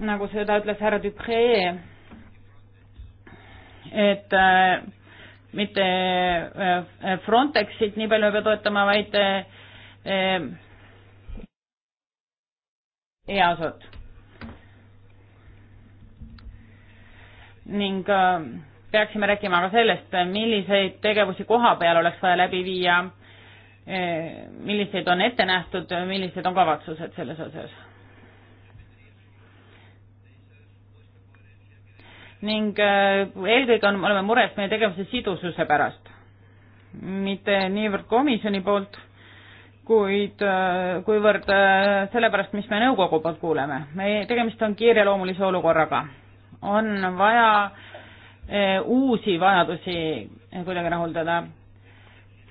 S2: nagu seda ütles härra Dupree, et äh, mitte äh, Frontexit nii palju ei pea toetama, vaid äh, EASO-t. ning äh, peaksime rääkima ka sellest, milliseid tegevusi koha peal oleks vaja läbi viia, millised on ette nähtud, millised on kavatsused selles osas. ning äh, eelkõige on, oleme mures meie tegevuse sidususe pärast, mitte niivõrd komisjoni poolt, kuid äh, kuivõrd äh, sellepärast, mis me nõukogu poolt kuuleme. me, tegemist on kiireloomulise olukorraga. on vaja äh, Eh, uusi vajadusi eh, kuidagi rahuldada.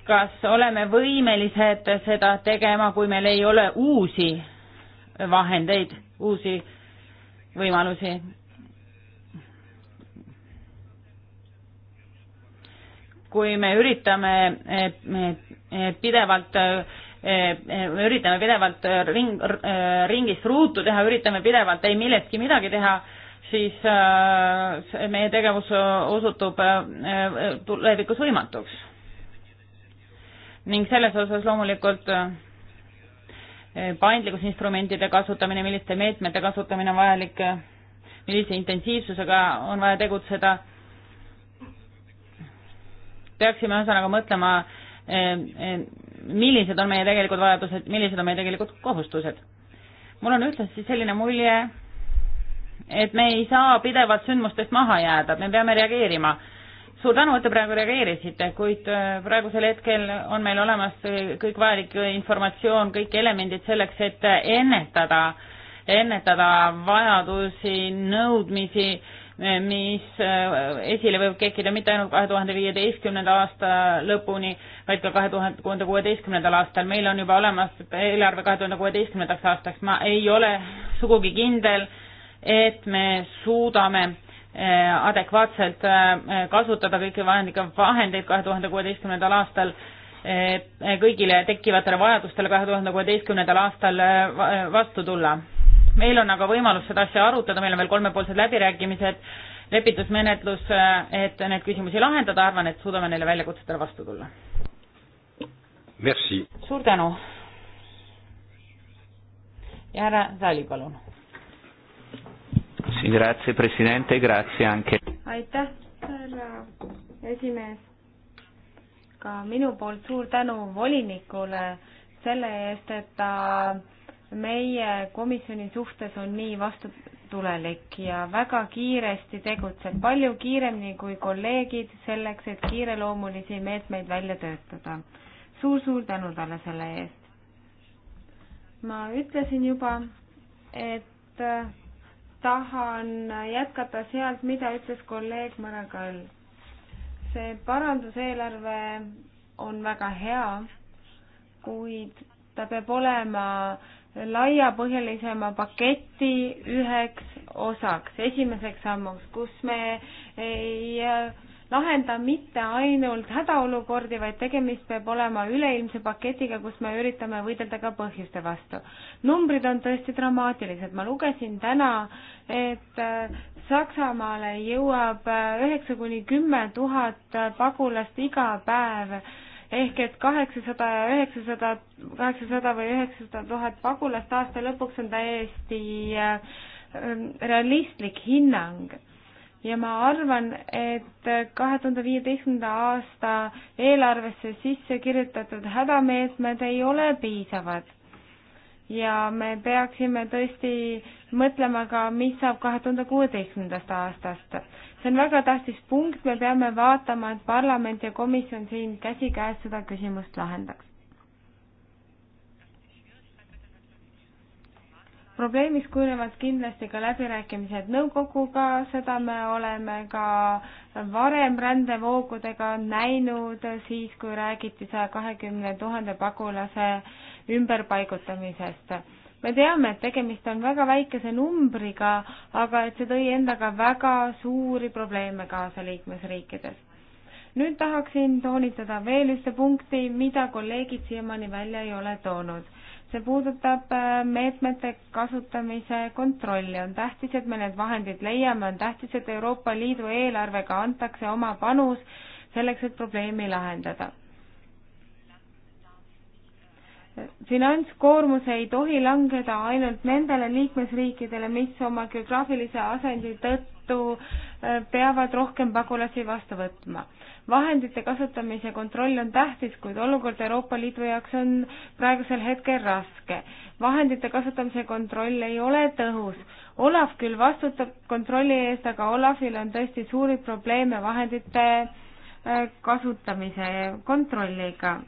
S2: kas oleme võimelised seda tegema, kui meil ei ole uusi vahendeid, uusi võimalusi? kui me üritame eh, pidevalt me üritame pidevalt ring, ringist ruutu teha, üritame pidevalt ei millestki midagi teha, siis äh, meie tegevus osutub tulevikus äh, äh, võimatuks. ning selles osas loomulikult paindlikkusinstrumentide kasutamine, milliste meetmete kasutamine on vajalik, millise intensiivsusega on vaja tegutseda, peaksime ühesõnaga mõtlema, millised on meie tegelikud vajadused, millised on meie tegelikud kohustused. mul on ühtlasi selline mulje, et me ei saa pidevalt sündmustest maha jääda, me peame reageerima. suur tänu, et te praegu reageerisite, kuid äh, praegusel hetkel on meil olemas äh, kõik vajalik äh, informatsioon, kõik elemendid selleks, et ennetada, ennetada vajadusi, nõudmisi, mis esile võib kekkida mitte ainult kahe tuhande viieteistkümnenda aasta lõpuni, vaid ka kahe tuhande kuueteistkümnendal aastal. meil on juba olemas eelarve kahe tuhande kuueteistkümnendaks aastaks, ma ei ole sugugi kindel et me suudame äh, adekvaatselt äh, kasutada kõiki vahendike vahendeid kahe tuhande kuueteistkümnendal aastal äh, kõigile tekkivatele vajadustele kahe tuhande kuueteistkümnendal aastal vastu tulla. meil on aga võimalus seda asja arutada, meil on veel kolmepoolsed läbirääkimised, lepitusmenetlus, et neid küsimusi lahendada, arvan, et suudame neile väljakutsetele vastu tulla. suur tänu.
S3: ja härra Sali, palun
S1: grazie Presidente, grazie anche.
S3: aitäh, härra esimees. ka minu poolt suur tänu volinikule selle eest, et ta meie komisjoni suhtes on nii vastutulelik ja väga kiiresti tegutseb, palju kiiremini kui kolleegid, selleks et kiireloomulisi meetmeid välja töötada suur,. suur-suur tänu talle selle eest. ma ütlesin juba, et tahan jätkata sealt, mida ütles kolleeg Maragall. see paranduseelarve on väga hea, kuid ta peab olema laiapõhjalisema paketi üheks osaks, esimeseks sammuks, kus me ei äh, lahenda mitte ainult hädaolukordi, vaid tegemist peab olema üleilmse paketiga, kus me üritame võidelda ka põhjuste vastu. numbrid on tõesti dramaatilised, ma lugesin täna, et äh, Saksamaale jõuab äh, üheksa kuni kümme tuhat pagulast iga päev ehk et kaheksasada ja üheksasada, kaheksasada või üheksasada tuhat pagulast aasta lõpuks on täiesti äh, realistlik hinnang ja ma arvan, et kahe tuhande viieteistkümnenda aasta eelarvesse sisse kirjutatud hädameetmed ei ole piisavad. ja me peaksime tõesti mõtlema ka, mis saab kahe tuhande kuueteistkümnendast aastast. see on väga tähtis punkt, me peame vaatama, et parlament ja komisjon siin käsikäes seda küsimust lahendaks. probleemiks kujunevad kindlasti ka läbirääkimised nõukoguga, seda me oleme ka varem rändevoogudega näinud, siis kui räägiti saja kahekümne tuhande pagulase ümberpaigutamisest. me teame, et tegemist on väga väikese numbriga, aga et see tõi endaga väga suuri probleeme kaasa liikmesriikides. nüüd tahaksin toonitada veel ühte punkti, mida kolleegid siiamaani välja ei ole toonud see puudutab äh, meetmete kasutamise kontrolli. on tähtis, et me need vahendid leiame, on tähtis, et Euroopa Liidu eelarvega antakse oma panus selleks, et probleemi lahendada finantskoormus ei tohi langeda ainult nendele liikmesriikidele, mis oma geograafilise asendi tõttu äh, peavad rohkem pagulasi vastu võtma. vahendite kasutamise kontroll on tähtis, kuid olukord Euroopa Liidu jaoks on praegusel hetkel raske. vahendite kasutamise kontroll ei ole tõhus. Olav küll vastutab kontrolli eest, aga Olavil on tõesti suuri probleeme vahendite äh, kasutamise kontrolliga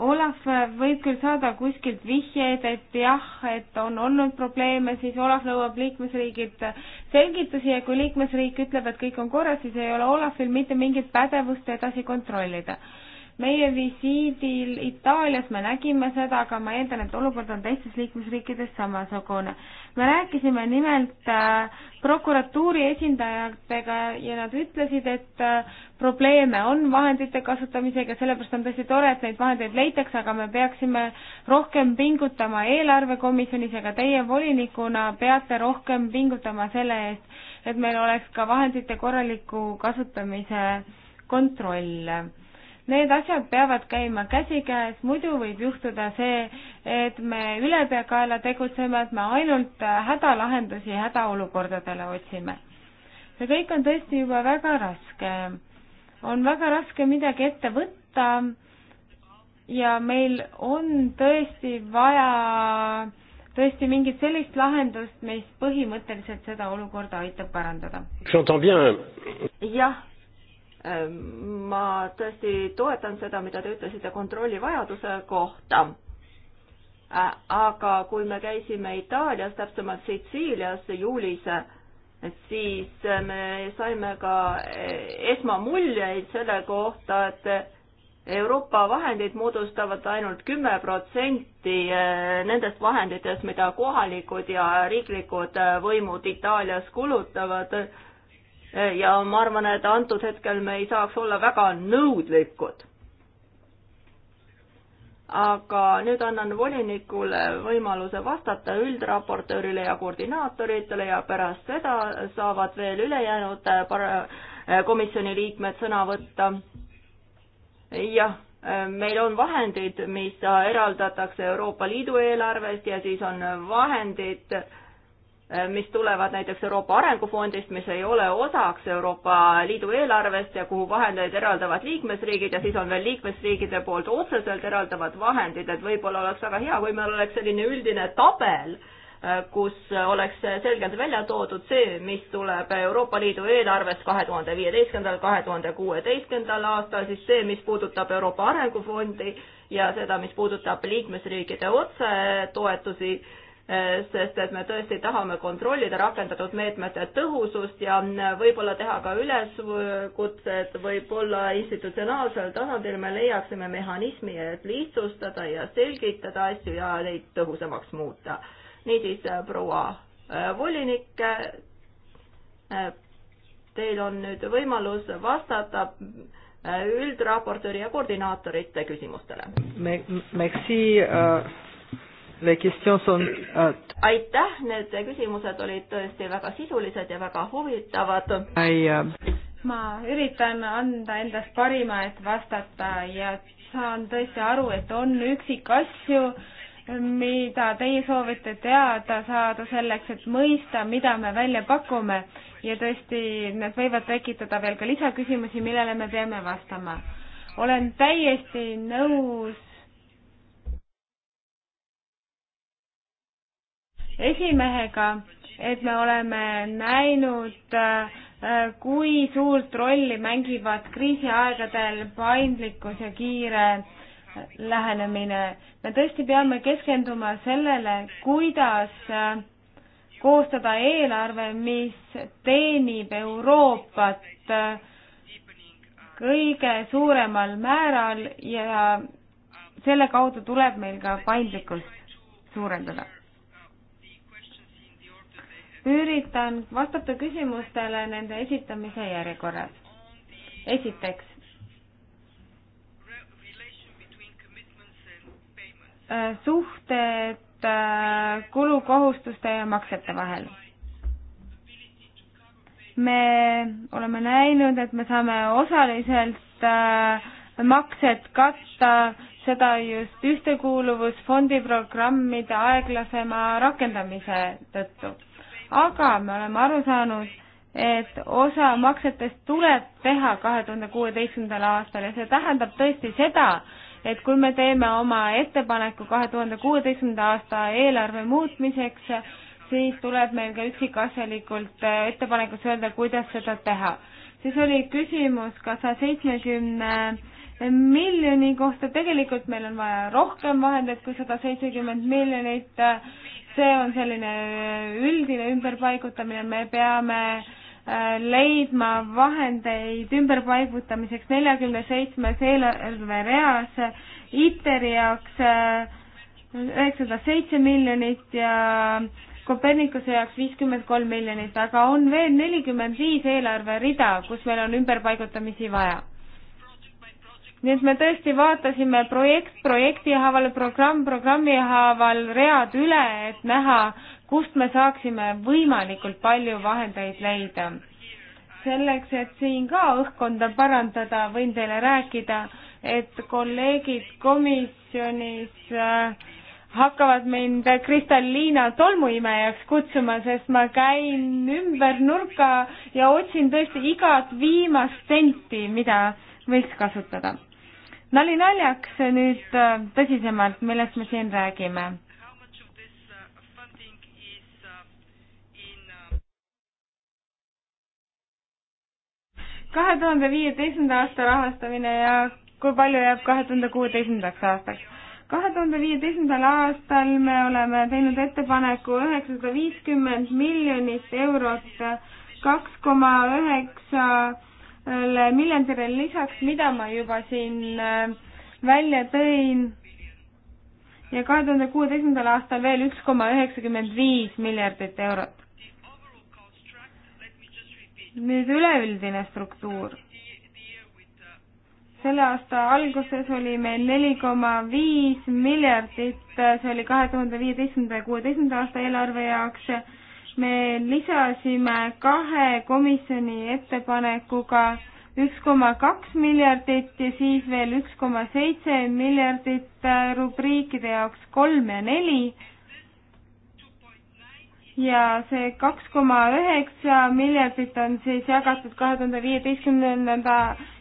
S3: Olav võib küll saada kuskilt vihjeid, et jah, et on olnud probleeme, siis Olav nõuab liikmesriigilt selgitusi ja kui liikmesriik ütleb, et kõik on korras, siis ei ole Olavil mitte mingit pädevust edasi kontrollida meie visiidil Itaalias me nägime seda, aga ma eeldan, et olukord on teistes liikmesriikides samasugune. me rääkisime nimelt äh, prokuratuuri esindajatega ja nad ütlesid, et äh, probleeme on vahendite kasutamisega, sellepärast on tõesti tore, et neid vahendeid leitakse, aga me peaksime rohkem pingutama eelarvekomisjonis ja ka teie volinikuna peate rohkem pingutama selle eest, et meil oleks ka vahendite korraliku kasutamise kontroll Need asjad peavad käima käsikäes, muidu võib juhtuda see, et me ülepeakaela tegutseme, et me ainult hädalahendusi hädaolukordadele otsime. see kõik on tõesti juba väga raske. on väga raske midagi ette võtta ja meil on tõesti vaja tõesti mingit sellist lahendust, mis põhimõtteliselt seda olukorda aitab parandada. jah Ehm, ma tõesti toetan seda, mida
S1: te ütlesite kontrolli vajaduse kohta. Äh, aga kui me käisime Itaalias, täpsemalt Sitsiilias juulis, siis me saime ka eh, esmamuljeid selle kohta, et Euroopa vahendid moodustavad ainult kümme protsenti eh, nendest vahenditest, mida kohalikud ja riiklikud eh, võimud Itaalias kulutavad ja ma arvan, et antud hetkel me ei saaks olla väga nõudlikud. aga nüüd annan volinikule võimaluse vastata üldraportöörile ja koordinaatoritele ja pärast seda saavad veel ülejäänud äh, äh, komisjoni liikmed sõna võtta. jah äh, meil on vahendid, mis eraldatakse Euroopa Liidu eelarvest ja siis on vahendid, Äh, mis tulevad näiteks Euroopa Arengufondist, mis ei ole osaks Euroopa Liidu eelarvest ja kuhu vahendeid eraldavad liikmesriigid ja siis on veel liikmesriigide poolt otseselt eraldavad vahendid, et võib-olla oleks väga hea, kui meil oleks selline üldine tabel, äh, kus oleks selgelt välja toodud see, mis tuleb Euroopa Liidu eelarvest kahe tuhande viieteistkümnendal, kahe tuhande kuueteistkümnendal aastal, siis see, mis puudutab Euroopa Arengufondi ja seda, mis puudutab liikmesriikide otsetoetusi Äh, sest et me tõesti tahame kontrollida rakendatud meetmete tõhusust ja äh, võib-olla teha ka üleskutsed, võib-olla institutsionaalsel tasandil me leiaksime mehhanismi, et lihtsustada ja selgitada asju ja neid tõhusamaks muuta. niisiis, äh, proua volinik, teil on nüüd võimalus vastata üldraportööri ja koordinaatorite küsimustele.
S2: Merci uh Euh,
S1: aitäh, need küsimused olid tõesti väga sisulised ja väga huvitavad.
S3: Uh, ma üritan anda endast parima, et vastata ja saan tõesti aru, et on üksikasju, mida teie soovite teada saada selleks, et mõista, mida me välja pakume ja tõesti, need võivad tekitada veel ka lisaküsimusi, millele me peame vastama. olen täiesti nõus esimehega, et me oleme näinud, äh, kui suurt rolli mängivad kriisiaegadel paindlikkus ja kiire lähenemine. me tõesti peame keskenduma sellele, kuidas äh, koostada eelarve, mis teenib Euroopat äh, kõige suuremal määral ja selle kaudu tuleb meil ka paindlikkust suurendada üritan vastata küsimustele nende esitamise järjekorras. esiteks, äh, suhted äh, kulukohustuste ja maksete vahel. me oleme näinud, et me saame osaliselt äh, maksed katta, seda just ühtekuuluvusfondi programmide aeglasema rakendamise tõttu aga me oleme aru saanud, et osa maksetest tuleb teha kahe tuhande kuueteistkümnendal aastal ja see tähendab tõesti seda, et kui me teeme oma ettepaneku kahe tuhande kuueteistkümnenda aasta eelarve muutmiseks, siis tuleb meil ka üksikasjalikult äh, ettepanekus öelda, kuidas seda teha. siis oli küsimus ka saja seitsmekümne miljoni kohta, tegelikult meil on vaja rohkem vahendeid kui sada seitsekümmend miljonit äh, see on selline üldine ümberpaigutamine, me peame äh, leidma vahendeid ümberpaigutamiseks neljakümne seitsmes eelarvereas ITER-i jaoks äh, üheksasada seitse miljonit ja Kopernikuse jaoks viiskümmend kolm miljonit, aga on veel nelikümmend viis eelarverida, kus meil on ümberpaigutamisi vaja nii et me tõesti vaatasime projekt projekti haaval, programm programmi haaval, read üle, et näha, kust me saaksime võimalikult palju vahendeid leida. selleks, et siin ka õhkkonda parandada, võin teile rääkida, et kolleegid komisjonis äh, hakkavad mind Kristalliina tolmuimejaks kutsuma, sest ma käin ümber nurka ja otsin tõesti igat viimast senti, mida võiks kasutada nali naljaks nüüd äh, tõsisemalt, millest me siin räägime. kahe tuhande viieteistkümnenda aasta rahastamine ja kui palju jääb kahe tuhande kuueteistkümnendaks aastaks? kahe tuhande viieteistkümnendal aastal me oleme teinud ettepaneku üheksasada viiskümmend miljonit eurot, kaks koma üheksa Miljandile lisaks, mida ma juba siin äh, välja tõin ja kahe tuhande kuueteistkümnendal aastal veel üks koma üheksakümmend viis miljardit eurot. nüüd üleüldine struktuur. selle aasta alguses oli meil neli koma viis miljardit, see oli kahe tuhande viieteistkümnenda ja kuueteistkümnenda aasta eelarve jaoks me lisasime kahe komisjoni ettepanekuga üks koma kaks miljardit ja siis veel üks koma seitse miljardit äh, rubriikide jaoks kolm ja neli. ja see kaks koma üheksa miljardit on siis jagatud kahe tuhande viieteistkümnenda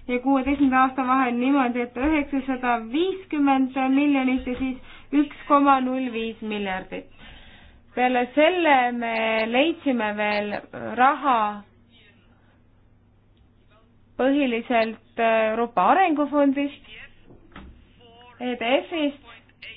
S3: ja kuueteistkümnenda aasta vahel niimoodi, et üheksasada viiskümmend miljonit ja siis üks koma null viis miljardit peale selle me leidsime veel raha põhiliselt Euroopa Arengufondist, EDF-ist,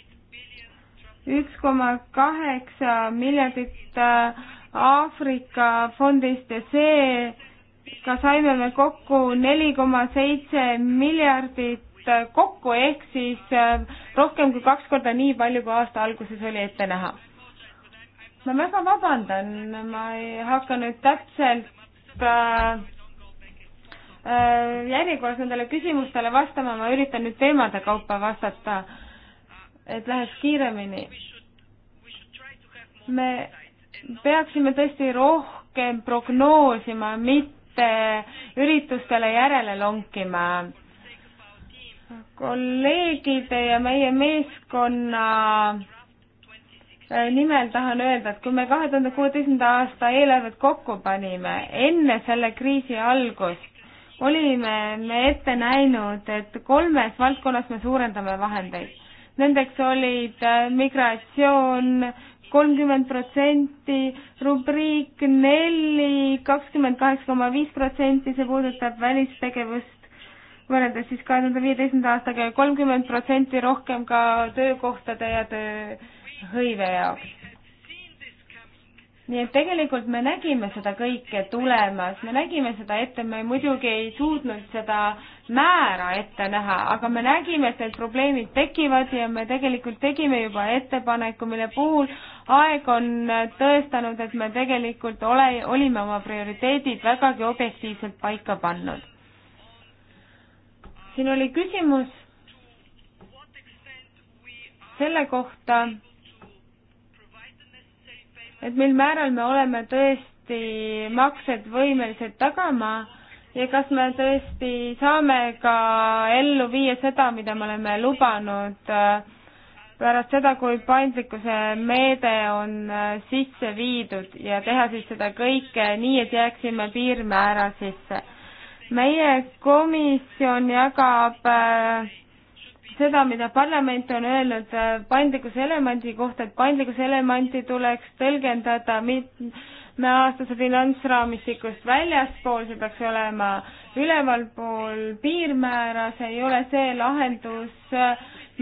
S3: üks koma kaheksa miljardit äh, Aafrika fondist ja seega saime me kokku neli koma seitse miljardit äh, kokku, ehk siis äh, rohkem kui kaks korda nii palju, kui aasta alguses oli ette näha ma väga vabandan, ma ei hakka nüüd täpselt äh, äh, järjekorras nendele küsimustele vastama, ma üritan nüüd teemade kaupa vastata, et läheks kiiremini. me peaksime tõesti rohkem prognoosima, mitte üritustele järele lonkima. kolleegide ja meie meeskonna Äh, nimel tahan öelda, et kui me kahe tuhande kuueteistkümnenda aasta eelarvet kokku panime, enne selle kriisi algust, olime me ette näinud, et kolmes valdkonnas me suurendame vahendeid. Nendeks olid äh, migratsioon kolmkümmend protsenti, rubriik neli kakskümmend kaheksa koma viis protsenti, see puudutab välistegevust võrreldes siis kahe tuhande viieteistkümnenda aastaga ja kolmkümmend protsenti rohkem ka töökohtade ja töö hõive jaoks. nii et tegelikult me nägime seda kõike tulemas, me nägime seda ette, me muidugi ei suutnud seda määra ette näha, aga me nägime, et need probleemid tekivad ja me tegelikult tegime juba ettepaneku, mille puhul aeg on tõestanud, et me tegelikult ole, olime oma prioriteedid vägagi objektiivselt paika pannud. siin oli küsimus selle kohta, et mil määral me oleme tõesti maksed võimelised tagama ja kas me tõesti saame ka ellu viia seda, mida me oleme lubanud äh, pärast seda, kui paindlikkuse meede on äh, sisse viidud ja teha siis seda kõike nii, et jääksime piirmäära sisse. meie komisjon jagab äh, seda, mida parlament on öelnud äh, paindlikkuse elemendi kohta, et paindlikkuse elementi tuleks tõlgendada mitmeaastase finantsraamistikust väljaspool, see peaks olema ülevalpool piirmäära, see ei ole see lahendus,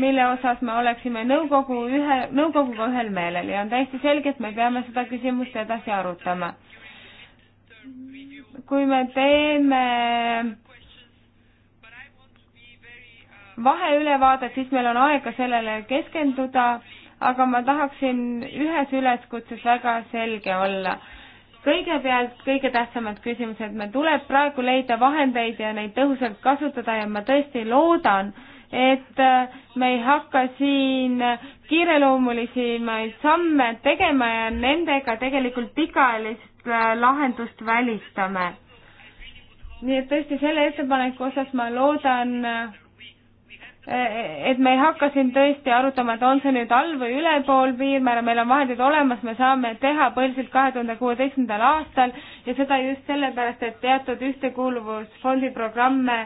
S3: mille osas me oleksime nõukogu ühe, nõukoguga ühel meelel ja on täiesti selge, et me peame seda küsimust edasi arutama. kui me teeme vaheülevaadet, siis meil on aega sellele keskenduda, aga ma tahaksin ühes üleskutses väga selge olla. kõigepealt kõige tähtsamad küsimused, meil tuleb praegu leida vahendeid ja neid tõhusalt kasutada ja ma tõesti loodan, et äh, me ei hakka siin kiireloomulisemaid samme tegema ja nendega tegelikult pikaajalist äh, lahendust välistame. nii et tõesti selle ettepaneku osas ma loodan äh, et me ei hakka siin tõesti arutama, et on see nüüd all või ülepool piirmäära, meil on vahendid olemas, me saame teha põhiliselt kahe tuhande kuueteistkümnendal aastal ja seda just sellepärast, et teatud ühtekuuluvusfondi programme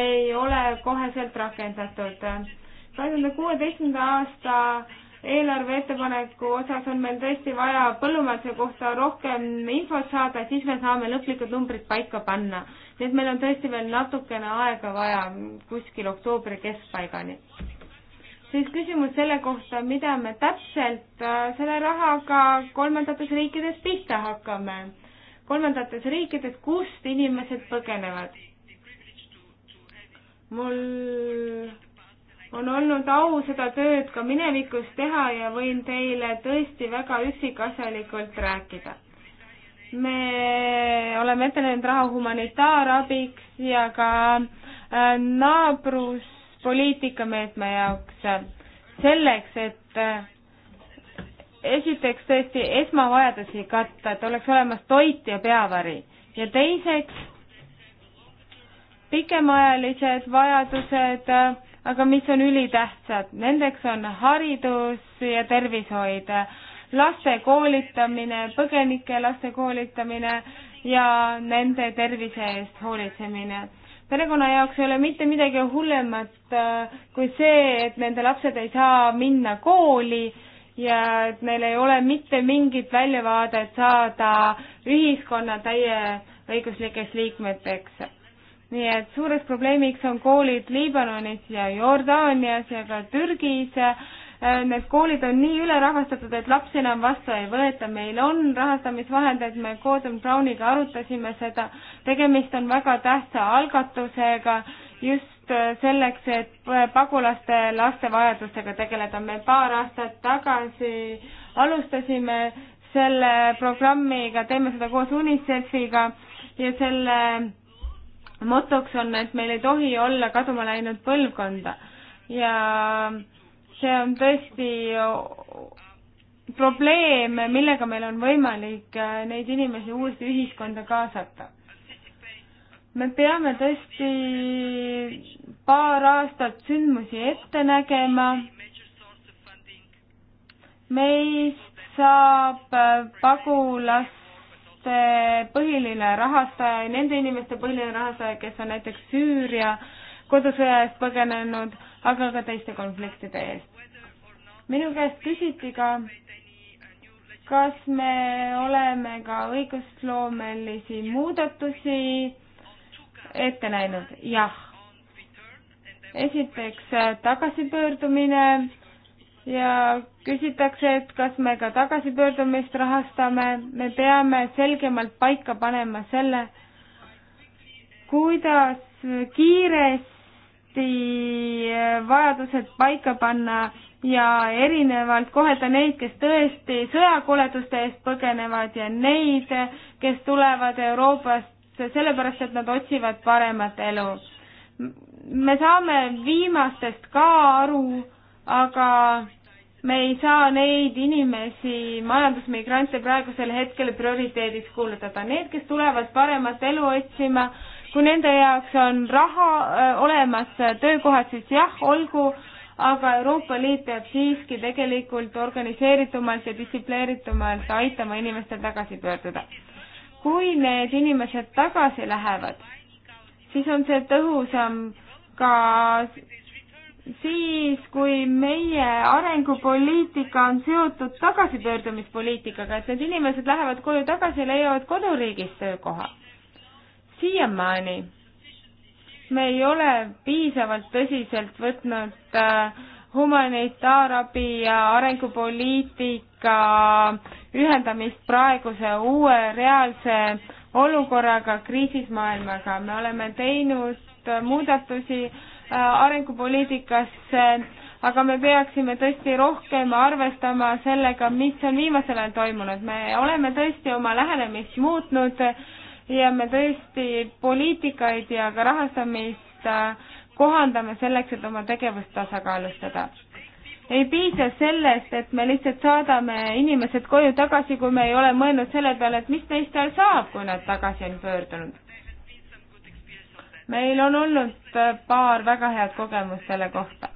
S3: ei ole koheselt rakendatud. kahe tuhande kuueteistkümnenda aasta eelarve ettepaneku osas on meil tõesti vaja põllumajanduse kohta rohkem infot saada, siis me saame lõplikud numbrid paika panna. nii et meil on tõesti veel natukene aega vaja, kuskil oktoobri keskpaigani. siis küsimus selle kohta, mida me täpselt äh, selle rahaga kolmandates riikides pihta hakkame. kolmandates riikides, kust inimesed põgenevad? mul on olnud au seda tööd ka minevikus teha ja võin teile tõesti väga üksikasjalikult rääkida. me oleme ette näinud raha humanitaarabiks ja ka äh, naabruspoliitika meetme jaoks selleks, et äh, esiteks tõesti esmavajadusi katta, et oleks olemas toit ja peavari ja teiseks pikemaajalised vajadused äh, aga mis on ülitähtsad, nendeks on haridus ja tervishoid, laste koolitamine, põgenike laste koolitamine ja nende tervise eest hoolitsemine. perekonna jaoks ei ole mitte midagi hullemat äh, kui see, et nende lapsed ei saa minna kooli ja et neil ei ole mitte mingit väljavaadet saada ühiskonna täieõiguslikeks liikmeteks nii et suureks probleemiks on koolid Liibanonis ja Jordaanias ja ka Türgis. Äh, Need koolid on nii ülerahvastatud, et lapsi enam vastu ei võeta. meil on rahastamisvahendeid, me Gordon Browniga arutasime seda. tegemist on väga tähtsa algatusega just äh, selleks, et äh, pagulaste laste vajadustega tegeleda. me paar aastat tagasi alustasime selle programmiga, teeme seda koos UNICEF-iga ja selle motoks on, et meil ei tohi olla kaduma läinud põlvkonda ja see on tõesti probleem, millega meil on võimalik äh, neid inimesi uuesti ühiskonda kaasata. me peame tõesti paar aastat sündmusi ette nägema. meist saab äh, pagulast inimeste põhiline rahastaja, nende inimeste põhiline rahastaja, kes on näiteks Süüria kodusõja eest põgenenud, aga ka teiste konfliktide eest. minu käest küsiti ka, kas me oleme ka õigusloomelisi muudatusi ette näinud? jah. esiteks tagasipöördumine ja küsitakse, et kas me ka tagasipöördumist rahastame, me peame selgemalt paika panema selle, kuidas kiiresti vajadused paika panna ja erinevalt kohelda neid, kes tõesti sõjakoleduste eest põgenevad ja neid, kes tulevad Euroopast sellepärast, et nad otsivad paremat elu. me saame viimastest ka aru, aga me ei saa neid inimesi, majandusmigrante praegusel hetkel prioriteediks kuulutada. Need, kes tulevad paremat elu otsima, kui nende jaoks on raha öö, äh, olemas, töökohad, siis jah, olgu, aga Euroopa Liit peab siiski tegelikult organiseeritumalt ja distsiplineeritumalt aitama inimestel tagasi pöörduda. kui need inimesed tagasi lähevad, siis on see tõhusam ka siis, kui meie arengupoliitika on seotud tagasipöördumispoliitikaga, et need inimesed lähevad koju tagasi ja leiavad koduriigis töökoha. siiamaani me ei ole piisavalt tõsiselt võtnud äh, humanitaarabi ja arengupoliitika ühendamist praeguse uue reaalse olukorraga kriisis maailmaga. me oleme teinud muudatusi Äh, arengupoliitikasse, aga me peaksime tõesti rohkem arvestama sellega, mis on viimasel ajal toimunud. me oleme tõesti oma lähenemist muutnud ja me tõesti poliitikaid ja ka rahastamist äh, kohandame selleks, et oma tegevust tasakaalustada ei piisa sellest, et me lihtsalt saadame inimesed koju tagasi, kui me ei ole mõelnud selle peale, et mis neist seal saab, kui nad tagasi on pöördunud meil on olnud äh, paar väga head kogemust selle kohta.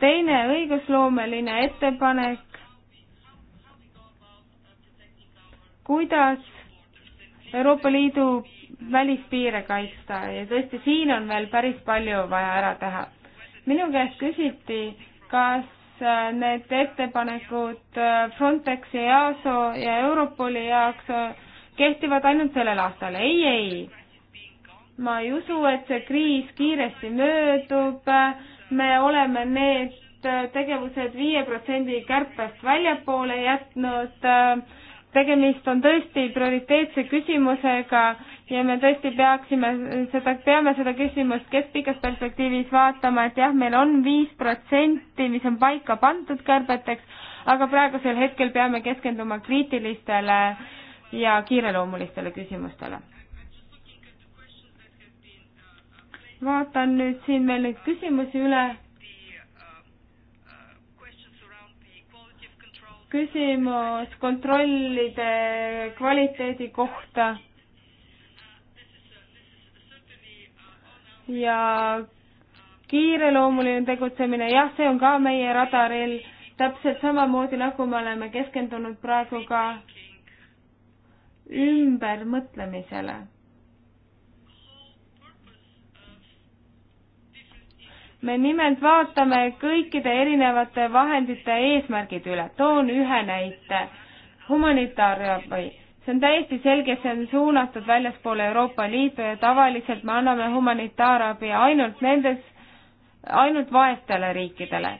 S3: teine õigusloomeline ettepanek, kuidas Euroopa Liidu välispiire kaitsta ja tõesti, siin on veel päris palju vaja ära teha. minu käest küsiti, kas äh, need ettepanekud äh, Frontexi, EASO ja Europoli jaoks kehtivad ainult sellel aastal. ei, ei ma ei usu, et see kriis kiiresti möödub, me oleme need tegevused viie protsendi kärpest väljapoole jätnud, tegemist on tõesti prioriteetse küsimusega ja me tõesti peaksime seda, peame seda küsimust keskpikas perspektiivis vaatama, et jah, meil on viis protsenti, mis on paika pandud kärbeteks, aga praegusel hetkel peame keskenduma kriitilistele ja kiireloomulistele küsimustele. vaatan nüüd siin veel neid küsimusi üle. küsimus kontrollide kvaliteedi kohta. ja kiireloomuline tegutsemine, jah, see on ka meie radaril, täpselt samamoodi nagu me oleme keskendunud praegu ka ümbermõtlemisele me nimelt vaatame kõikide erinevate vahendite eesmärgid üle. toon ühe näite. humanitaarabi, see on täiesti selge, see on suunatud väljaspoole Euroopa Liitu ja tavaliselt me anname humanitaarabi ainult nendes, ainult vaestele riikidele.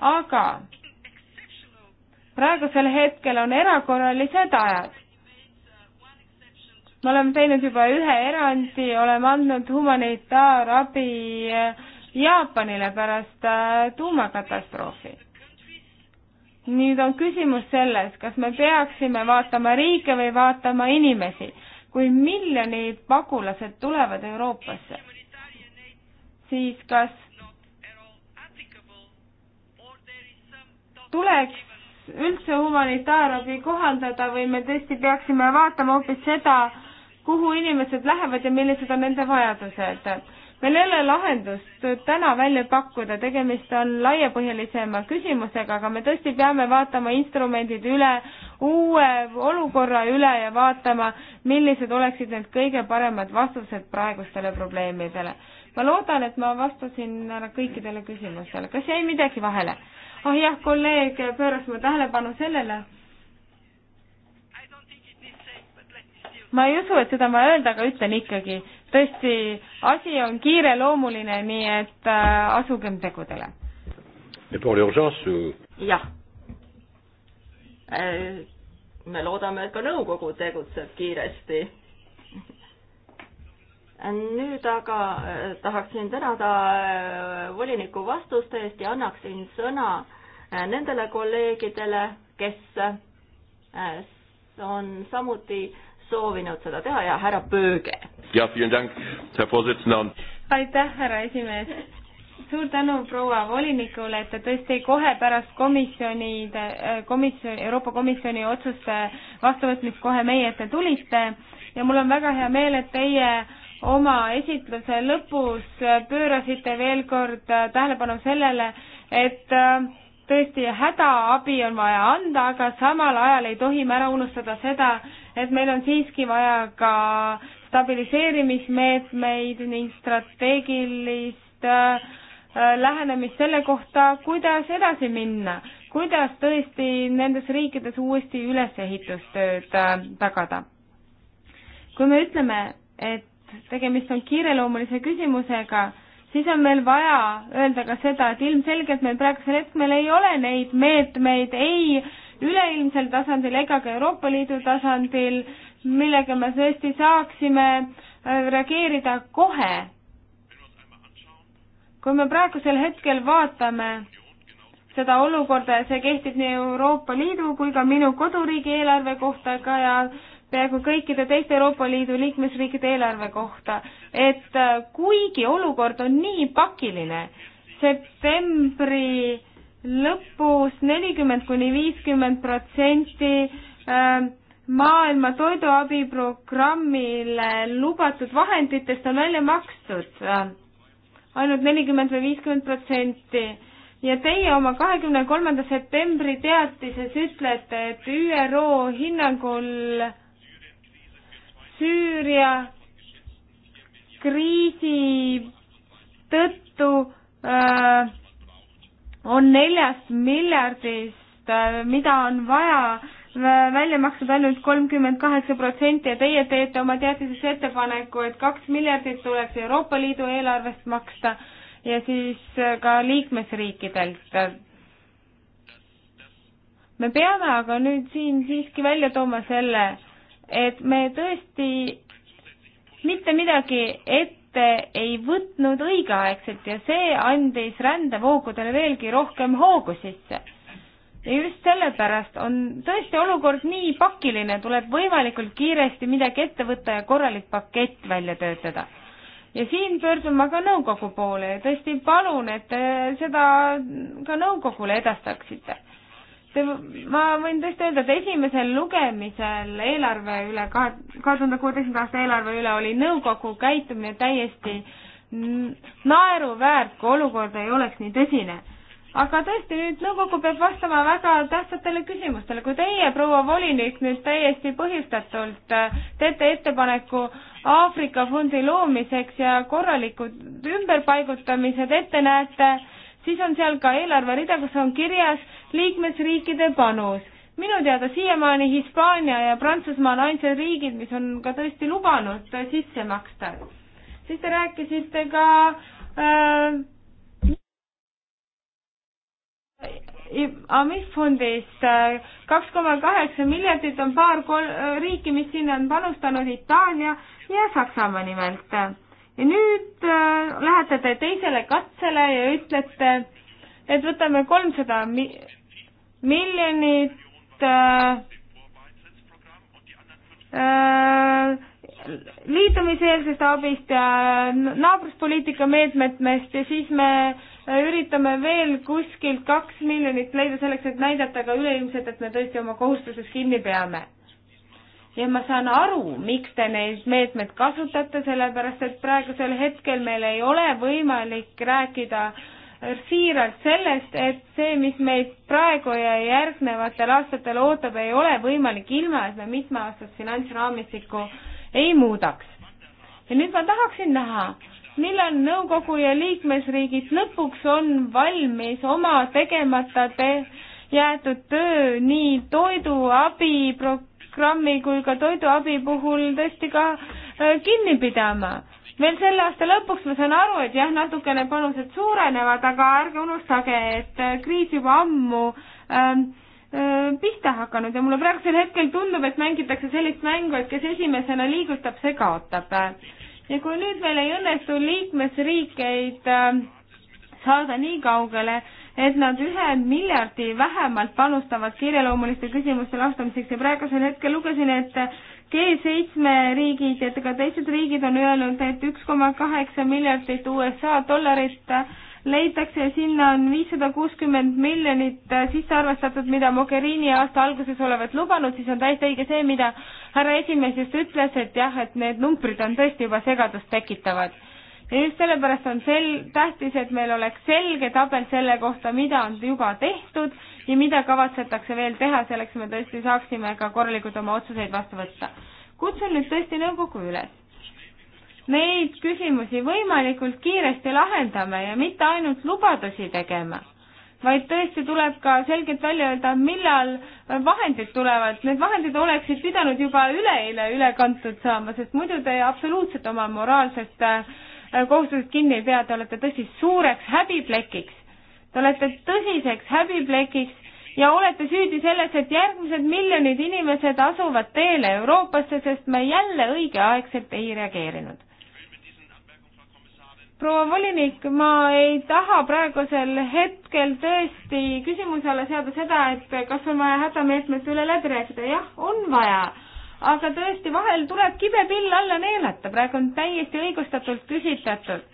S3: aga praegusel hetkel on erakorralised ajad me oleme teinud juba ühe erandi, oleme andnud humanitaarabi äh, Jaapanile pärast äh, tuumakatastroofi. nüüd on küsimus selles, kas me peaksime vaatama riike või vaatama inimesi, kui miljonid pagulased tulevad Euroopasse, siis kas tuleks üldse humanitaarabi kohandada või me tõesti peaksime vaatama hoopis seda, kuhu inimesed lähevad ja millised on nende vajadused meil ei ole lahendust täna välja pakkuda, tegemist on laiapõhjalisema küsimusega, aga me tõesti peame vaatama instrumendid üle, uue olukorra üle ja vaatama, millised oleksid need kõige paremad vastused praegustele probleemidele. ma loodan, et ma vastasin ära kõikidele küsimustele, kas jäi midagi vahele? ah oh jah, kolleeg pööras mu tähelepanu sellele, ma ei usu, et seda on vaja öelda, aga ütlen ikkagi tõesti, asi on kiireloomuline, nii et äh, asugem tegudele. Euh, jah. Äh,
S1: me loodame, et ka nõukogu tegutseb kiiresti. nüüd aga äh, tahaksin tänada äh, voliniku vastuste eest ja annaksin sõna nendele kolleegidele, kes on samuti soovinud seda teha ja härra Pööge
S3: aitäh, härra esimees. suur tänu proua volinikule, et te tõesti kohe pärast komisjoni, äh, komisjon, Euroopa Komisjoni otsuste vastuvõtmist kohe meie ette tulite ja mul on väga hea meel, et teie oma esitluse lõpus pöörasite veel kord äh, tähelepanu sellele, et äh, tõesti hädaabi on vaja anda, aga samal ajal ei tohi me ära unustada seda, et meil on siiski vaja ka stabiliseerimismeetmeid ning strateegilist äh, lähenemist selle kohta, kuidas edasi minna, kuidas tõesti nendes riikides uuesti ülesehitustööd äh, tagada. kui me ütleme, et tegemist on kiireloomulise küsimusega, siis on meil vaja öelda ka seda, et ilmselgelt meil praegusel hetkel ei ole neid meetmeid ei äh, üleilmsel tasandil ega ka Euroopa Liidu tasandil, millega me tõesti saaksime äh, reageerida kohe. kui me praegusel hetkel vaatame seda olukorda ja see kehtib nii Euroopa Liidu kui ka minu koduriigi eelarve kohta ka ja peaaegu kõikide teiste Euroopa Liidu liikmesriikide eelarve kohta, et äh, kuigi olukord on nii pakiline, septembri lõpus nelikümmend kuni viiskümmend protsenti ähm, maailma toiduabiprogrammile lubatud vahenditest on välja makstud ähm, ainult nelikümmend või viiskümmend protsenti ja teie oma kahekümne kolmanda septembri teatises ütlete, et ÜRO hinnangul Süüria kriisi tõttu äh, on neljast miljardist, äh, mida on vaja äh, välja maksnud ainult kolmkümmend kaheksa protsenti ja teie teete oma teatises ettepaneku, et kaks miljardit tuleks Euroopa Liidu eelarvest maksta ja siis äh, ka liikmesriikidelt. me peame aga nüüd siin siiski välja tooma selle, et me tõesti mitte midagi ette ette ei võtnud õigeaegselt ja see andis rändevoogudele veelgi rohkem hoogu sisse. ja just sellepärast on tõesti olukord nii pakiline, tuleb võimalikult kiiresti midagi ette võtta ja korralik pakett välja töötada. ja siin pöördun ma ka nõukogu poole ja tõesti palun, et te seda ka nõukogule edastaksite ma võin tõesti öelda, et esimesel lugemisel eelarve üle, kahe tuhande kuueteistkümnenda aasta eelarve üle oli nõukogu käitumine täiesti naeruväärt, kui olukord ei oleks nii tõsine. aga tõesti, nüüd nõukogu peab vastama väga tähtsatele küsimustele. kui teie, proua volinik, nüüd täiesti põhjustatult äh, teete ettepaneku Aafrika fondi loomiseks ja korralikud ümberpaigutamised ette näete, siis on seal ka eelarverida, kus on kirjas liikmesriikide panus. minu teada siiamaani Hispaania ja Prantsusmaa on ainsad riigid, mis on ka tõesti lubanud sisse maksta. siis te rääkisite ka äh, AMIF-fondist kaks koma kaheksa miljardit on paar kol-, riiki, mis sinna on panustanud, Itaalia ja Saksamaa nimelt ja nüüd äh, lähete te teisele katsele ja ütlete, et võtame kolmsada mi miljonit äh, äh, liitumiseelsest abist ja naabruspoliitika meetmetest ja siis me üritame veel kuskilt kaks miljonit leida selleks, et näidata ka üleilmselt, et me tõesti oma kohustusest kinni peame ja ma saan aru, miks te neid meetmeid kasutate, sellepärast et praegusel hetkel meil ei ole võimalik rääkida siiralt sellest, et see, mis meid praegu ja järgnevatel aastatel ootab, ei ole võimalik ilma, et me mitmeaastast finantsraamistikku ei muudaks. ja nüüd ma tahaksin näha, millal nõukogu ja liikmesriigid lõpuks on valmis oma tegemata te jäetud töö nii toiduabi pro-, programmi kui ka toiduabi puhul tõesti ka äh, kinni pidama. veel selle aasta lõpuks ma saan aru, et jah, natukene panused suurenevad, aga ärge unustage, et äh, kriis juba ammu ähm, äh, pihta hakanud ja mulle praegusel hetkel tundub, et mängitakse sellist mängu, et kes esimesena liigutab, see kaotab. ja kui nüüd meil ei õnnestu liikmesriikeid saada nii kaugele, et nad ühe miljardi vähemalt panustavad kiireloomuliste küsimuste lahendamiseks ja praegusel hetkel lugesin, et G7 riigid ja ka teised riigid on öelnud, et üks koma kaheksa miljardit USA dollarit leitakse, sinna on viissada kuuskümmend miljonit sisse arvestatud, mida Mogherini aasta alguses olevat lubanud, siis on täiesti õige see, mida härra esimees just ütles, et jah, et need numbrid on tõesti juba segadust tekitavad ja just sellepärast on sel-, tähtis, et meil oleks selge tabel selle kohta, mida on juba tehtud ja mida kavatsetakse veel teha, selleks me tõesti saaksime ka korralikult oma otsuseid vastu võtta. kutsun nüüd tõesti nõukogu üles. Neid küsimusi võimalikult kiiresti lahendame ja mitte ainult lubadusi tegema, vaid tõesti tuleb ka selgelt välja öelda, millal vahendid tulevad. Need vahendid oleksid pidanud juba üleeile üle kantud saama, sest muidu te absoluutselt oma moraalsest äh, kohustusest kinni ei pea, te olete tõesti suureks häbiplekiks. Te olete tõsiseks häbiplekiks ja olete süüdi selles, et järgmised miljonid inimesed asuvad teele Euroopasse, sest me jälle õigeaegselt ei reageerinud. proua volinik, ma ei taha praegusel hetkel tõesti küsimuse alla seada seda, et kas on vaja hädameetmete üle läbi rääkida, jah, on vaja aga tõesti, vahel tuleb kibepill alla neelata, praegu on täiesti õigustatult küsitletud,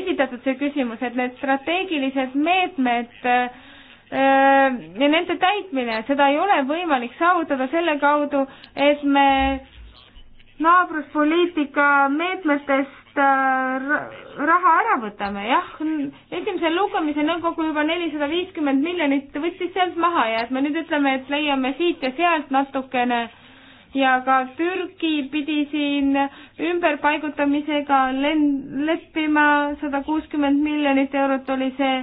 S3: esitatud see küsimus, et need strateegilised meetmed äh, ja nende täitmine, seda ei ole võimalik saavutada selle kaudu, et me naabruspoliitika meetmetest äh, raha ära võtame, jah, esimese lugemise nõukogu juba nelisada viiskümmend miljonit võttis sealt maha ja et me nüüd ütleme, et leiame siit ja sealt natukene äh, ja ka Türgi pidi siin ümberpaigutamisega len-, leppima, sada kuuskümmend miljonit eurot oli see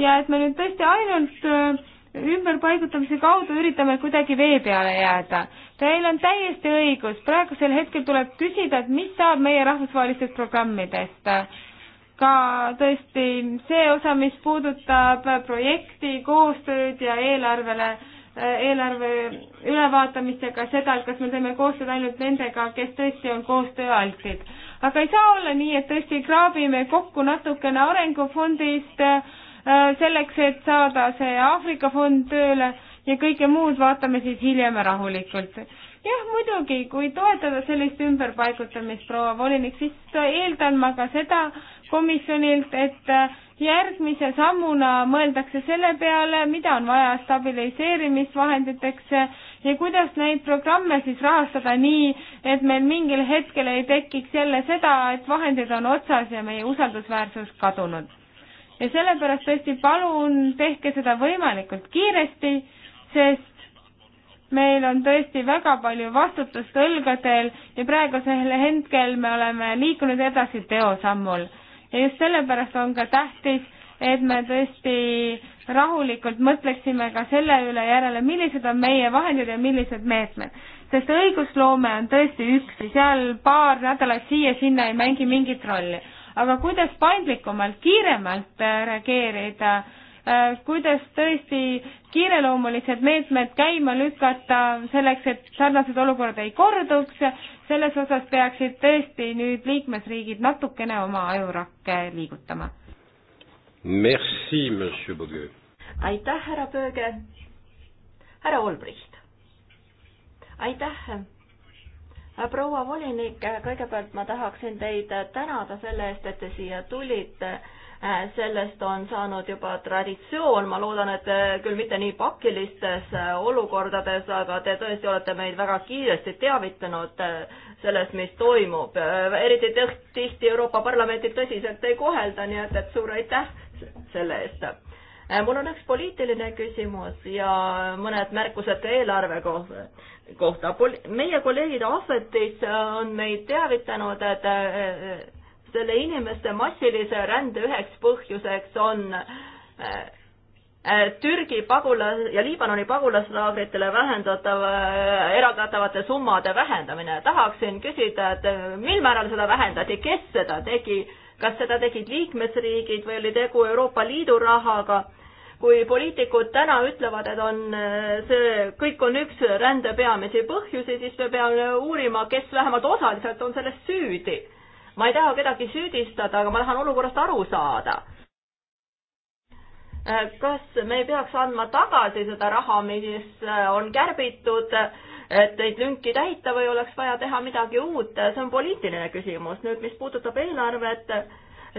S3: ja et me nüüd tõesti ainult äh, ümberpaigutamise kaudu üritame kuidagi vee peale jääda. Teil on täiesti õigus, praegusel hetkel tuleb küsida, et mis saab meie rahvusvahelistest programmidest. ka tõesti see osa, mis puudutab projekti koostööd ja eelarvele äh, eelarve ülevaatamist ja ka seda, et kas me teeme koostööd ainult nendega, kes tõesti on koostööaltid. aga ei saa olla nii, et tõesti kraabime kokku natukene arengufondist äh, selleks, et saada see Aafrika fond tööle ja kõike muud vaatame siis hiljem rahulikult. jah, muidugi, kui toetada sellist ümberpaigutamist, proua volinik, siis eeldan ma ka seda komisjonilt, et äh, järgmise sammuna mõeldakse selle peale, mida on vaja stabiliseerimisvahenditeks ja kuidas neid programme siis rahastada nii, et meil mingil hetkel ei tekiks jälle seda, et vahendid on otsas ja meie usaldusväärsus kadunud. ja sellepärast tõesti palun tehke seda võimalikult kiiresti, sest meil on tõesti väga palju vastutust õlgadel ja praegusel hetkel me oleme liikunud edasi teosammul ja just sellepärast on ka tähtis, et me tõesti rahulikult mõtleksime ka selle üle järele, millised on meie vahendid ja millised meetmed. sest õigusloome on tõesti üks ja seal paar nädalat siia-sinna ei mängi mingit rolli. aga kuidas paindlikumalt, kiiremalt reageerida äh, Äh, kuidas tõesti kiireloomulised meetmed käima lükata selleks, et sarnased olukorrad ei korduks, selles osas peaksid tõesti nüüd liikmesriigid natukene oma ajurakke liigutama.
S2: Merci, monsieur Böge.
S3: aitäh, härra Böge. härra Olbricht.
S1: aitäh proua volinik, kõigepealt ma tahaksin teid tänada selle eest, et te siia tulite Äh, sellest on saanud juba traditsioon, ma loodan, et äh, küll mitte nii pakilistes äh, olukordades, aga te tõesti olete meid väga kiiresti teavitanud sellest, mis toimub. eriti tihti Euroopa Parlamenti tõsiselt ei kohelda, nii et, et suur aitäh selle eest. mul on üks poliitiline küsimus ja mõned märkused ka eelarve kohta kohta. meie kolleegid Ahvetis on meid teavitanud, et selle inimeste massilise rände üheks põhjuseks on äh, Türgi pagulas- ja Liibanoni pagulaslaagritele vähendatav, äh, eraldatavate summade vähendamine. tahaksin küsida, et äh, mil määral seda vähendati, kes seda tegi, kas seda tegid liikmesriigid või oli tegu Euroopa Liidu rahaga? kui poliitikud täna ütlevad, et on see, kõik on üks rände peamisi põhjusi, siis me peame uurima, kes vähemalt osaliselt on selles süüdi ma ei taha kedagi süüdistada, aga ma tahan olukorrast aru saada. Äh, kas me ei peaks andma tagasi seda raha, mis äh, on kärbitud, et neid lünki täita või oleks vaja teha midagi uut, see on poliitiline küsimus. nüüd, mis puudutab eelarvet,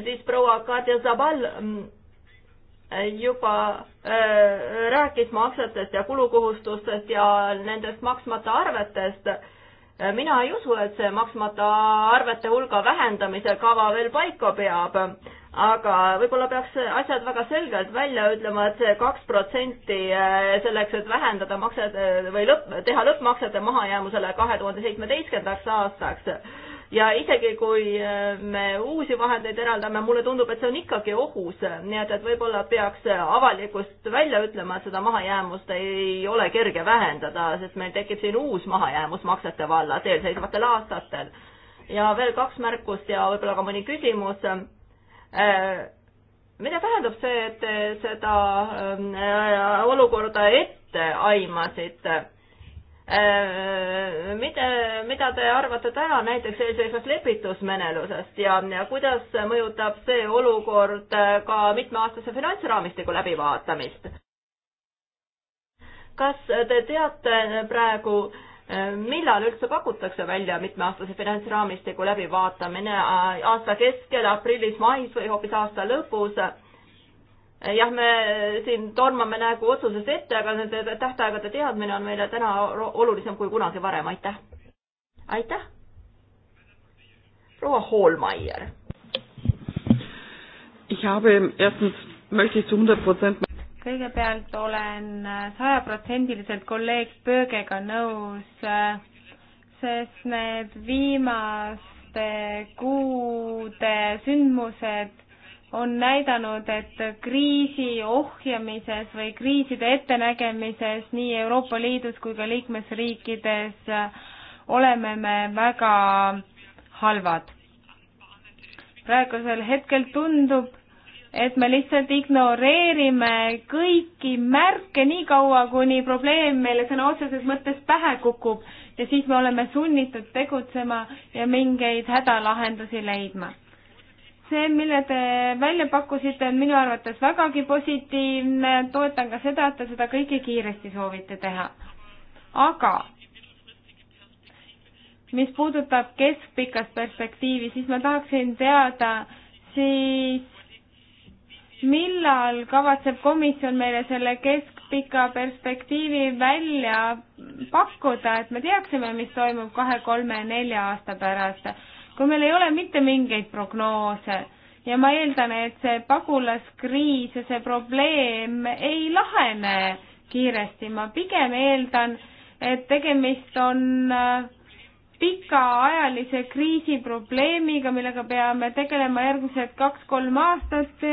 S1: siis proua Kadri Zabal mm, juba äh, rääkis maksetest ja kulukohustustest ja nendest maksmata arvetest äh,. Äh, mina ei usu, et see maksmata arvete hulga vähendamise kava veel paika peab, aga võib-olla peaks asjad väga selgelt välja ütlema, et see kaks protsenti äh, selleks, et vähendada maksed äh, või lõpp, teha lõpp maksete mahajäämusele kahe tuhande seitsmeteistkümnendaks aastaks ja isegi kui äh, me uusi vahendeid eraldame, mulle tundub, et see on ikkagi ohus, nii et, et võib-olla peaks äh, avalikkust välja ütlema, et seda mahajäämust ei ole kerge vähendada, sest meil tekib siin uus mahajäämus maksete vallas eelseisvatel aastatel. ja veel kaks märkust ja võib-olla ka mõni küsimus äh, mida tähendab see, et te seda ähm, olukorda ette aimasite? Äh, mida, mida te arvate täna näiteks eelseisvast lepitusmenelusest ja, ja kuidas mõjutab see olukord äh, ka mitmeaastase finantsraamistiku läbivaatamist? kas te teate praegu, äh, millal üldse pakutakse välja mitmeaastase finantsraamistiku läbivaatamine, aasta keskel, aprillis, mais või hoopis aasta lõpus? jah, me eh, siin tormame nagu otsusest ette, aga nende tähtaegade teadmine on meile täna olulisem kui kunagi varem, aitäh. aitäh. proua Hoolmeier.
S3: kõigepealt olen eh, sajaprotsendiliselt kolleeg Pöögega nõus, eh, sest need viimaste kuude sündmused on näidanud, et kriisi ohjamises või kriiside ettenägemises nii Euroopa Liidus kui ka liikmesriikides oleme me väga halvad. praegusel hetkel tundub, et me lihtsalt ignoreerime kõiki märke nii kaua, kuni probleem meile sõna otseses mõttes pähe kukub ja siis me oleme sunnitud tegutsema ja mingeid hädalahendusi leidma see, mille te välja pakkusite, on minu arvates vägagi positiivne, toetan ka seda, et te seda kõike kiiresti soovite teha. aga mis puudutab keskpikas perspektiivi, siis ma tahaksin teada siis, millal kavatseb komisjon meile selle keskpika perspektiivi välja pakkuda, et me teaksime, mis toimub kahe, kolme, nelja aasta pärast kui meil ei ole mitte mingeid prognoose ja ma eeldan, et see pagulaskriis ja see probleem ei lahene kiiresti, ma pigem eeldan, et tegemist on äh, pikaajalise kriisi probleemiga, millega peame tegelema järgmised kaks-kolm aastat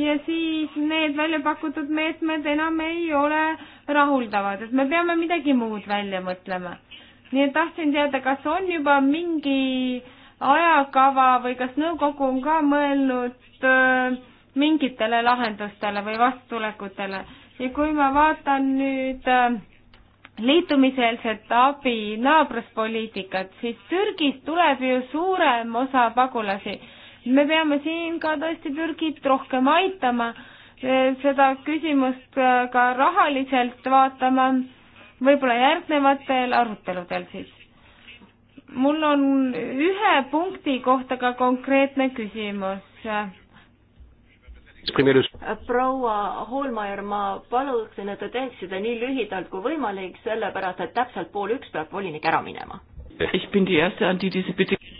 S3: ja siis need välja pakutud meetmed enam ei ole rahuldavad, et me peame midagi muud välja mõtlema. nii et tahtsin teada, kas on juba mingi äh, ajakava või kas nõukogu on ka mõelnud äh, mingitele lahendustele või vastutulekutele ja kui ma vaatan nüüd äh, liitumiseelset abi naabruspoliitikat, siis Türgist tuleb ju suurem osa pagulasi. me peame siin ka tõesti Türgit rohkem aitama, äh, seda küsimust ka rahaliselt vaatama, võib-olla järgnevatel aruteludel siis mul on ühe punkti kohta ka konkreetne küsimus proua Hoolmaier,
S1: ma paluksin, et te teeksite nii lühidalt kui võimalik, sellepärast et täpselt pool üks peab
S3: volinik ära minema.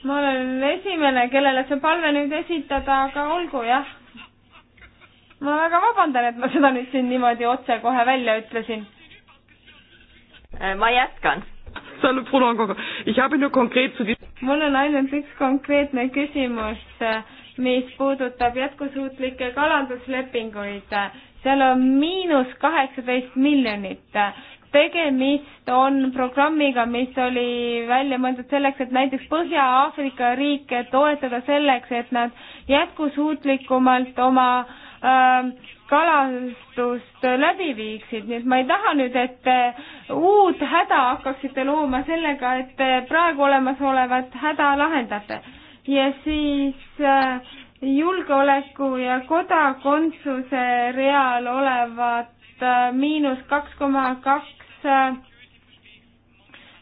S3: ma olen esimene, kellele see palve nüüd esitada, aga olgu jah. ma väga vabandan, et ma seda nüüd siin niimoodi otsekohe välja ütlesin. ma jätkan mul on ainult üks konkreetne küsimus, mis puudutab jätkusuutlikke kalanduslepinguid. seal on miinus kaheksateist miljonit tegemist on programmiga, mis oli välja mõeldud selleks, et näiteks Põhja-Aafrika riike toetada selleks, et nad jätkusuutlikumalt oma äh, kalastust läbi viiksid, nii et ma ei taha nüüd, et uut häda hakkaksite looma sellega, et praegu olemasolevat häda lahendate. ja siis äh, julgeoleku ja kodakondsuse real olevat äh, miinus kaks koma kaks äh,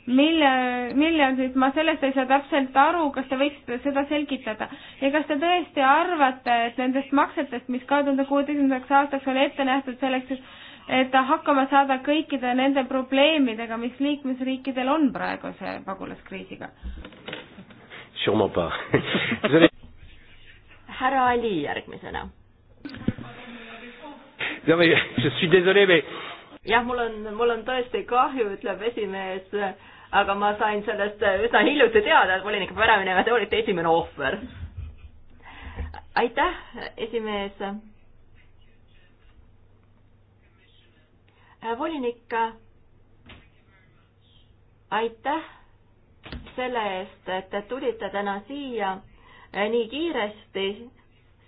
S3: mille, miljonit, ma sellest ei saa täpselt aru, kas te võiksite seda selgitada? ja kas te tõesti arvate, et nendest maksetest, mis kahe tuhande kuueteistkümnendaks aastaks oli ette nähtud selleks, et et hakkama saada kõikide nende probleemidega, mis liikmesriikidel on praeguse pagulaskriisiga?
S1: härra Ali järgmisena. jah, mul on, mul on tõesti kahju, ütleb esimees aga ma sain sellest äh, üsna hiljuti teada, et volinik peab ära minema, te olite esimene ohver. aitäh, esimees. Äh, volinik, aitäh selle eest, et te tulite täna siia äh, nii kiiresti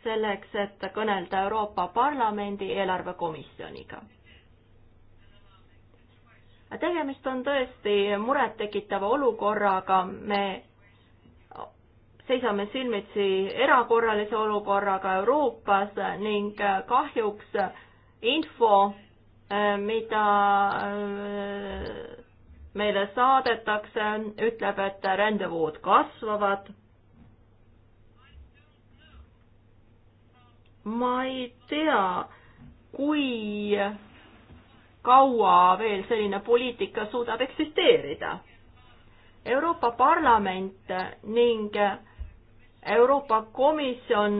S1: selleks, et kõnelda Euroopa Parlamendi eelarvekomisjoniga tegemist on tõesti murettekitava olukorraga, me seisame silmitsi erakorralise olukorraga Euroopas ning kahjuks info, mida äh, meile saadetakse, ütleb, et rändevood kasvavad. ma ei tea, kui kaua veel selline poliitika suudab eksisteerida. Euroopa Parlament ning Euroopa Komisjon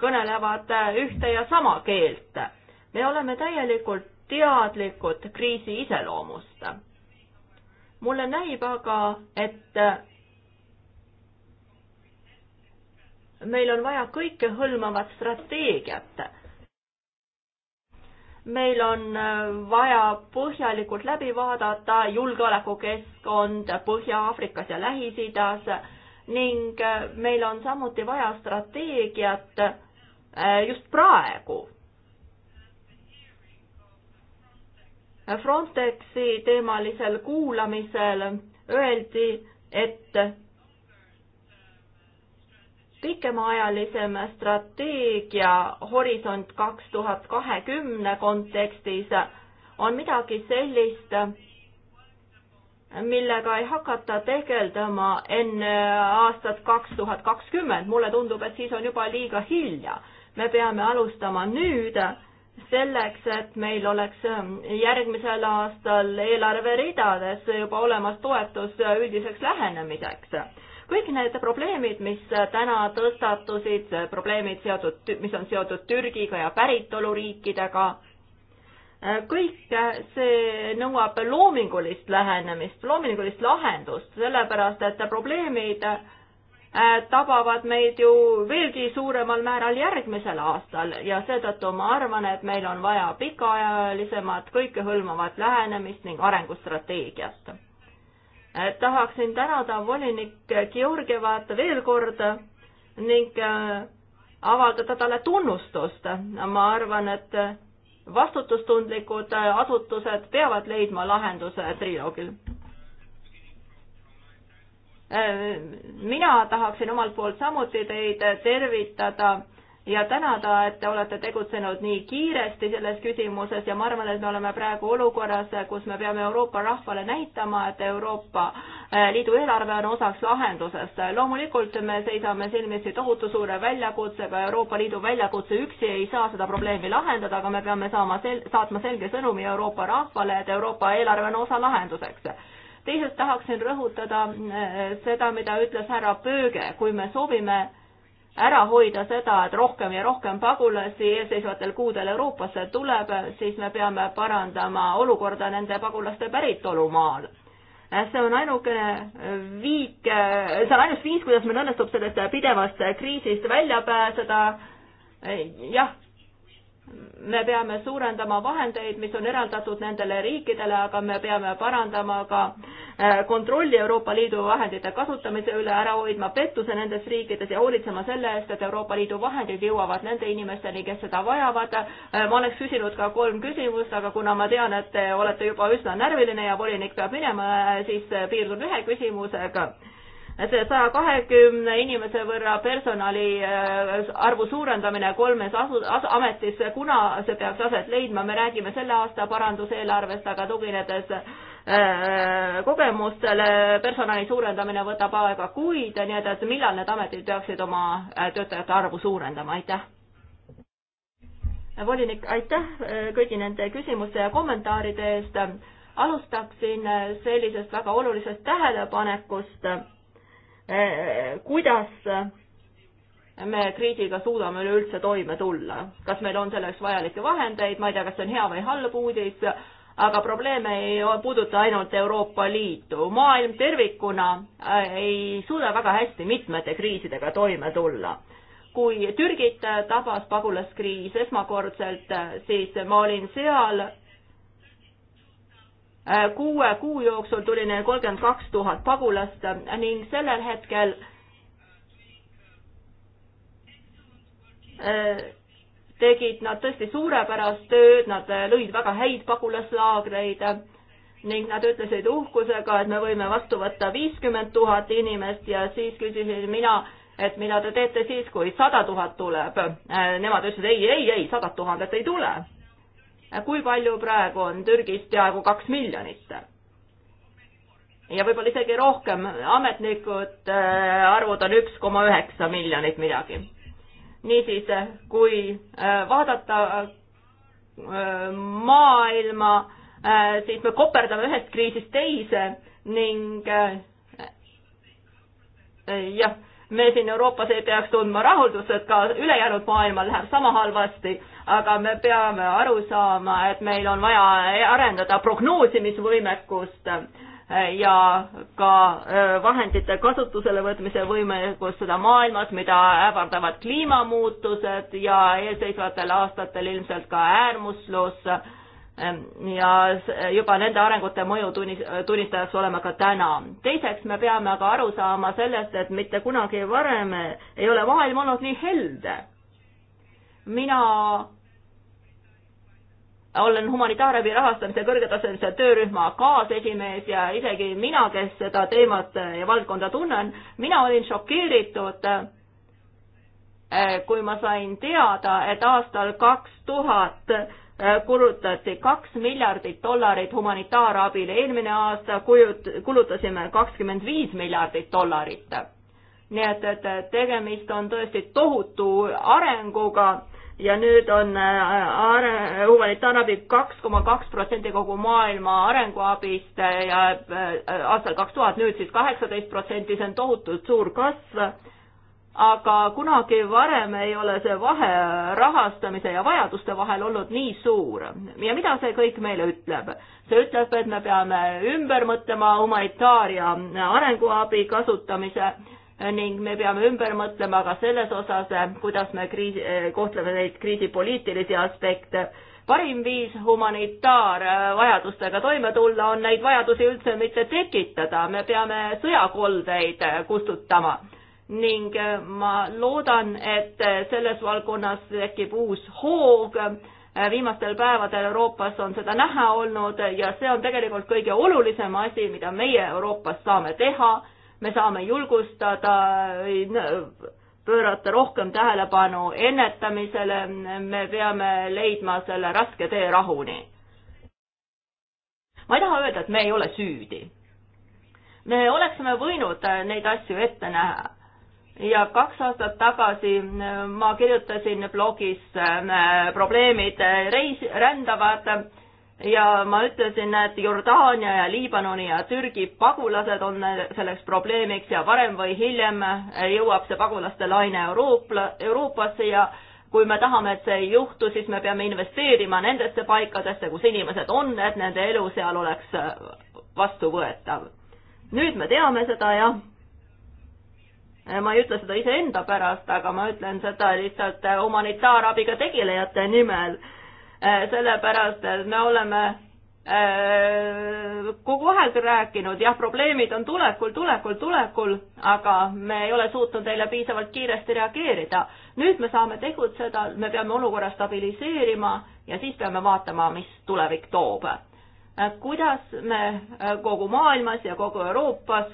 S1: kõnelevad ühte ja sama keelt. me oleme täielikult teadlikud kriisi iseloomust. mulle näib aga, et meil on vaja kõikehõlmavat strateegiat meil on äh, vaja põhjalikult läbi vaadata julgeolekukeskkond Põhja-Aafrikas ja Lähis-Idas ning äh, meil on samuti vaja strateegiat äh, just praegu. Frontexi teemalisel kuulamisel öeldi, et pikemaajalisem strateegia Horisont kaks tuhat kahekümne kontekstis on midagi sellist, millega ei hakata tegeldama enne aastat kaks tuhat kakskümmend, mulle tundub, et siis on juba liiga hilja. me peame alustama nüüd selleks, et meil oleks järgmisel aastal eelarveridades juba olemas toetus üldiseks lähenemiseks kõik need probleemid, mis täna tõstatusid, probleemid seotud, mis on seotud Türgiga ja päritoluriikidega, kõik see nõuab loomingulist lähenemist, loomingulist lahendust, sellepärast et probleemid äh, tabavad meid ju veelgi suuremal määral järgmisel aastal ja seetõttu ma arvan, et meil on vaja pikaajalisemat, kõikehõlmavat lähenemist ning arengustrateegiat Eh, tahaksin tänada volinik Georgievat veel kord ning eh, avaldada talle tunnustust. ma arvan, et vastutustundlikud eh, asutused peavad leidma lahenduse triloogil. mina tahaksin omalt poolt samuti teid tervitada ja tänada, et te olete tegutsenud nii kiiresti selles küsimuses ja ma arvan, et me oleme praegu olukorras, kus me peame Euroopa rahvale näitama, et Euroopa eh, Liidu eelarve on osaks lahendusest. loomulikult me seisame silmitsi tohutu suure väljakutsega, Euroopa Liidu väljakutse üksi ei saa seda probleemi lahendada, aga me peame saama sel-, saatma selge sõnumi Euroopa rahvale, et Euroopa eelarve on osa lahenduseks teisalt tahaksin rõhutada eh, seda, mida ütles härra Pööge, kui me soovime ära hoida seda, et rohkem ja rohkem pagulasi eelseisvatel kuudel Euroopasse tuleb, siis me peame parandama olukorda nende pagulaste päritolumaal. see on ainukene viik, see on ainus viis, kuidas meil õnnestub sellest pidevast kriisist välja pääseda. jah, me peame suurendama vahendeid, mis on eraldatud nendele riikidele, aga me peame parandama ka äh, Äh, kontrolli Euroopa Liidu vahendite kasutamise üle, ära hoidma pettuse nendes riikides ja hoolitsema selle eest, et Euroopa Liidu vahendid jõuavad nende inimesteni, kes seda vajavad. Äh, ma oleks küsinud ka kolm küsimust, aga kuna ma tean, et te olete juba üsna närviline ja volinik peab minema, äh, siis piirdun ühe küsimusega see saja kahekümne inimese võrra personali arvu suurendamine kolmes asu-, as-, ametis, kuna see peaks aset leidma, me räägime selle aasta paranduseelarvest, aga tuginedes Äh, kogemustele, personali suurendamine võtab aega kuid, nii et, et millal need ametid peaksid oma äh, töötajate arvu suurendama, aitäh! volinik, aitäh äh, kõigi nende küsimuste ja kommentaaride eest. alustaksin sellisest väga olulisest tähelepanekust, kuidas me kriisiga suudame üleüldse toime tulla. kas meil on selleks vajalikke vahendeid, ma ei tea, kas see on hea või halb uudis aga probleem ei puuduta ainult Euroopa Liitu. maailm tervikuna äh, ei suuda väga hästi mitmete kriisidega toime tulla. kui Türgit tabas pagulaskriis esmakordselt, äh, siis ma olin seal äh, kuue kuu jooksul tuli neil kolmkümmend kaks tuhat pagulast ning sellel hetkel tegid nad tõesti suurepärast tööd, nad lõid väga häid pagulaslaagreid ning nad ütlesid uhkusega, et me võime vastu võtta viiskümmend tuhat inimest ja siis küsisin mina, et mida te teete siis, kui sada tuhat tuleb. Nemad ütlesid ei, ei, ei, sadat tuhandet ei tule. kui palju praegu on Türgis peaaegu kaks miljonit? ja võib-olla isegi rohkem, ametnikud äh, arvud on üks koma üheksa miljonit midagi niisiis, kui äh, vaadata äh, maailma, äh, siis me koperdame ühest kriisist teise ning jah, me siin Euroopas ei peaks tundma rahuldust, et ka ülejäänud maailmal läheb sama halvasti, aga me peame aru saama, et meil on vaja arendada prognoosimisvõimekust ja ka äh, vahendite kasutusele võtmise võimekus seda maailmas, mida ähvardavad kliimamuutused ja eelseisvatel aastatel ilmselt ka äärmuslus ähm, ja juba nende arengute mõju tunnis, tunnistajaks oleme ka täna. teiseks me peame aga aru saama sellest, et mitte kunagi varem ei ole maailm olnud nii helde. mina olen humanitaarabi rahastamise kõrgetasemelise töörühma kaasesimees ja isegi mina, kes seda teemat ja valdkonda tunnen, mina olin šokeeritud, eh, kui ma sain teada, et aastal kaks tuhat eh, kulutati kaks miljardit dollarit humanitaarabile, eelmine aasta kujut-, kulutasime kakskümmend viis miljardit dollarit. nii et, et tegemist on tõesti tohutu arenguga ja nüüd on äh, humanitaarabi kaks koma kaks protsenti kogu maailma arenguabist äh, ja äh, aastal kaks tuhat nüüd siis kaheksateist protsenti, see on tohutult suur kasv. aga kunagi varem ei ole see vahe rahastamise ja vajaduste vahel olnud nii suur. ja mida see kõik meile ütleb? see ütleb, et me peame ümber mõtlema humanitaar- ja arenguabi kasutamise ning me peame ümber mõtlema ka selles osas, kuidas me kriisi, kohtleme neid kriisi poliitilisi aspekte. parim viis humanitaarvajadustega äh, toime tulla on neid vajadusi üldse mitte tekitada, me peame sõjakoldeid äh, kustutama ning äh, ma loodan, et selles valdkonnas tekib uus hoog viimastel päevadel Euroopas on seda näha olnud ja see on tegelikult kõige olulisem asi, mida meie Euroopas saame teha me saame julgustada, pöörata rohkem tähelepanu ennetamisele, me peame leidma selle raske tee rahuni. ma ei taha öelda, et me ei ole süüdi. me oleksime võinud neid asju ette näha ja kaks aastat tagasi ma kirjutasin blogis äh, probleemid reis, rändavad ja ma ütlesin, et Jordaania ja Liibanoni ja Türgi pagulased on selleks probleemiks ja varem või hiljem jõuab see pagulaste laine Euroopa, Euroopasse ja kui me tahame, et see ei juhtu, siis me peame investeerima nendesse paikadesse, kus inimesed on, et nende elu seal oleks vastuvõetav. nüüd me teame seda, jah ma ei ütle seda iseenda pärast, aga ma ütlen seda lihtsalt humanitaarabiga tegelejate nimel. Äh, sellepärast et me oleme äh, kogu aeg rääkinud, jah, probleemid on tulekul, tulekul, tulekul, aga me ei ole suutnud neile piisavalt kiiresti reageerida. nüüd me saame tegutseda, me peame olukorra stabiliseerima ja siis peame vaatama, mis tulevik toob. Äh, kuidas me kogu maailmas ja kogu Euroopas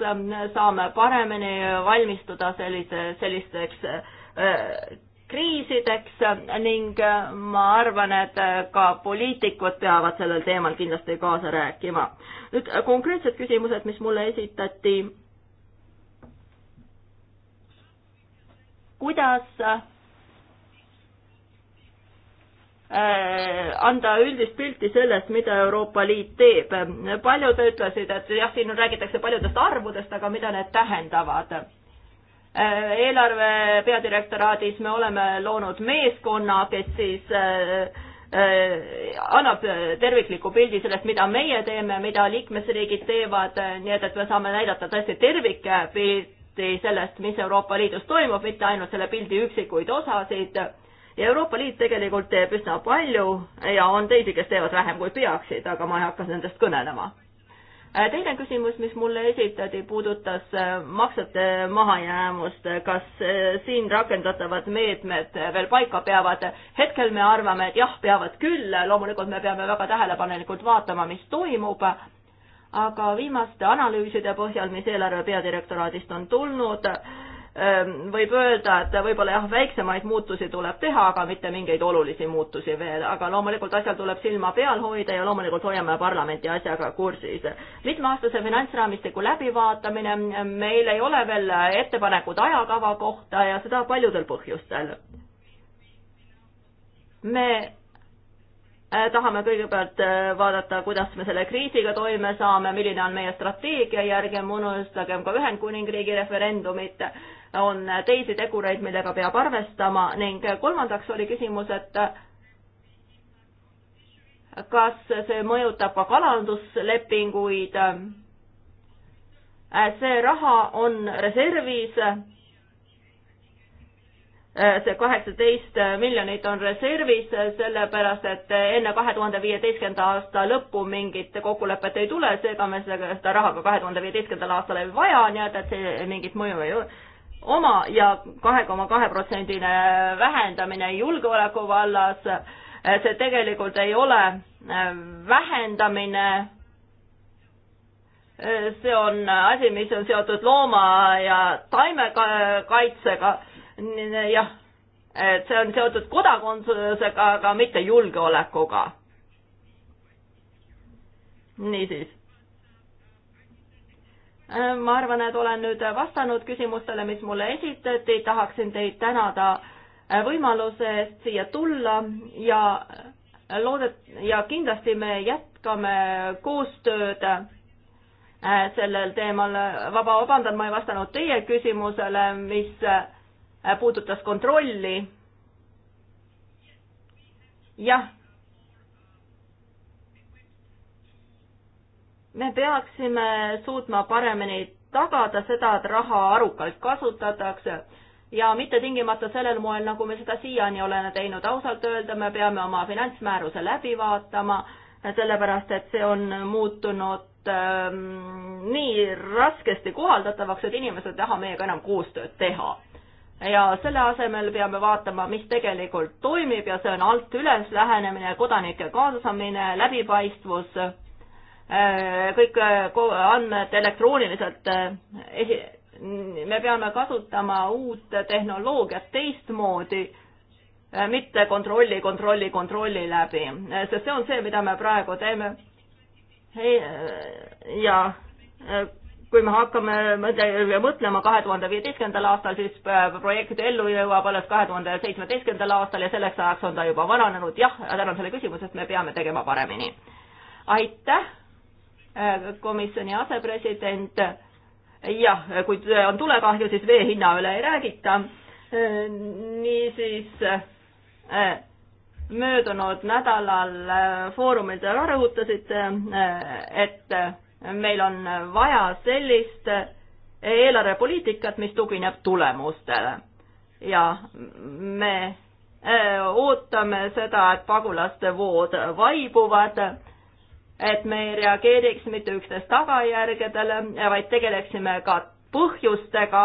S1: saame paremini valmistuda sellise, sellisteks kriisideks ning äh, ma arvan, et äh, ka poliitikud peavad sellel teemal kindlasti kaasa rääkima. nüüd äh, konkreetsed küsimused, mis mulle esitati. kuidas anda üldist pilti sellest, mida Euroopa Liit teeb. paljud ütlesid, et jah, siin räägitakse paljudest arvudest, aga mida need tähendavad Äh, eelarve peadirektoraadis me oleme loonud meeskonna, kes siis äh, äh, annab tervikliku pildi sellest, mida meie teeme, mida liikmesriigid teevad, nii et, et me saame näidata tõesti tervikpilti sellest, mis Euroopa Liidus toimub, mitte ainult selle pildi üksikuid osasid. ja Euroopa Liit tegelikult teeb üsna palju ja on teisi, kes teevad vähem, kui peaksid, aga ma ei hakka nendest kõnelema Äh, teine küsimus, mis mulle esitati, puudutas äh, maksete mahajäämust, kas äh, siin rakendatavad meetmed veel paika peavad. hetkel me arvame, et jah, peavad küll, loomulikult me peame väga tähelepanelikult vaatama, mis toimub, aga viimaste analüüside põhjal, mis eelarve peadirektoraadist on tulnud, Ehm, võib öelda, et võib-olla jah, väiksemaid muutusi tuleb teha, aga mitte mingeid olulisi muutusi veel, aga loomulikult asjal tuleb silma peal hoida ja loomulikult hoiame parlamenti asjaga kursis. mitmeaastase finantsraamistiku läbivaatamine, meil ei ole veel ettepanekud ajakava kohta ja seda paljudel põhjustel. me eh, tahame kõigepealt eh, vaadata, kuidas me selle kriisiga toime saame, milline on meie strateegia järgi, ärgem unustagem ka Ühendkuningriigi referendumit on teisi tegureid, millega peab arvestama ning kolmandaks oli küsimus, et kas see mõjutab ka kalanduslepinguid. see raha on reservis. see kaheksateist miljonit on reservis, sellepärast et enne kahe tuhande viieteistkümnenda aasta lõppu mingit kokkulepet ei tule, seega me seda raha ka kahe tuhande viieteistkümnendal aastal ei vaja, nii et, et see mingit mõju ei ole oma ja kahe koma kahe protsendine vähendamine julgeoleku vallas, see tegelikult ei ole äh, vähendamine, äh, see on asi, mis on seotud looma- ja taimekaitsega, jah, et see on seotud kodakondsusega, aga mitte julgeolekuga. niisiis Äh, ma arvan, et olen nüüd vastanud küsimustele, mis mulle esitati, tahaksin teid tänada äh, võimaluse eest siia tulla ja äh, loodet- ja kindlasti me jätkame koostööd sellel teemal. vaba, vabandan, ma ei vastanud teie küsimusele, mis puudutas kontrolli. jah me peaksime suutma paremini tagada seda, et raha arukalt kasutatakse ja mitte tingimata sellel moel, nagu me seda siiani oleme teinud. ausalt öelda, me peame oma finantsmääruse läbi vaatama, sellepärast et see on muutunud äh, nii raskesti kohaldatavaks, et inimesed ei taha meiega enam koostööd teha. ja selle asemel peame vaatama, mis tegelikult toimib ja see on alt üles lähenemine, kodanike kaasamine, läbipaistvus Äh, kõik äh, andmed elektrooniliselt äh, esi-, me peame kasutama uut tehnoloogiat teistmoodi, mitte kontrolli, kontrolli, kontrolli läbi, sest see on see, mida me praegu teeme. ja kui me hakkame mõtlema kahe tuhande viieteistkümnendal aastal, siis projekt ellu jõuab alles kahe tuhande seitsmeteistkümnendal aastal ja selleks ajaks on ta juba vananenud. jah, tänan selle küsimuse eest, me peame tegema paremini. aitäh Äh, komisjoni asepresident. jah, kui on tulekahju, siis vee hinna üle ei räägita. Äh, niisiis äh, möödunud nädalal foorumil te rõhutasite, et meil on vaja sellist eelarvepoliitikat, mis tugineb tulemustele. ja me ootame seda, et pagulaste vood vaibuvad et me ei reageeriks mitte üksnes tagajärgedele, vaid tegeleksime ka põhjustega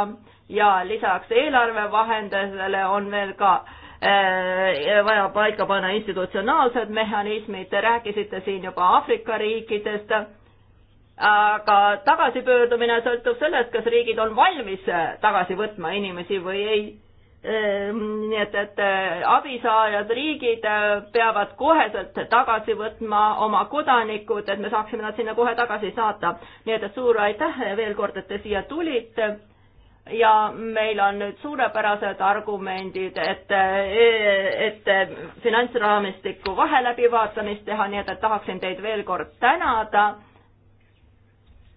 S1: ja lisaks eelarvevahendusele on veel ka äh, vaja paika panna institutsionaalsed mehhanismid, te rääkisite siin juba Aafrika riikidest, aga tagasipöördumine sõltub sellest, kas riigid on valmis tagasi võtma inimesi või ei Ehm, nii et, et äh, abisaajad riigid äh, peavad koheselt tagasi võtma oma kodanikud, et me saaksime nad sinna kohe tagasi saata. nii et, et suur aitäh veel kord, et te siia tulite ja meil on nüüd suurepärased argumendid, et, äh, et finantsraamistiku vahe läbivaatamist teha, nii et, et tahaksin teid veel kord tänada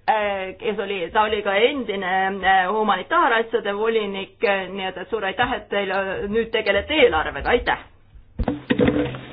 S1: Äh, kes oli, ta oli ka endine äh, humanitaarasjade volinik, äh, nii et, et suur aitäh, et teil nüüd tegelete eelarvega, aitäh!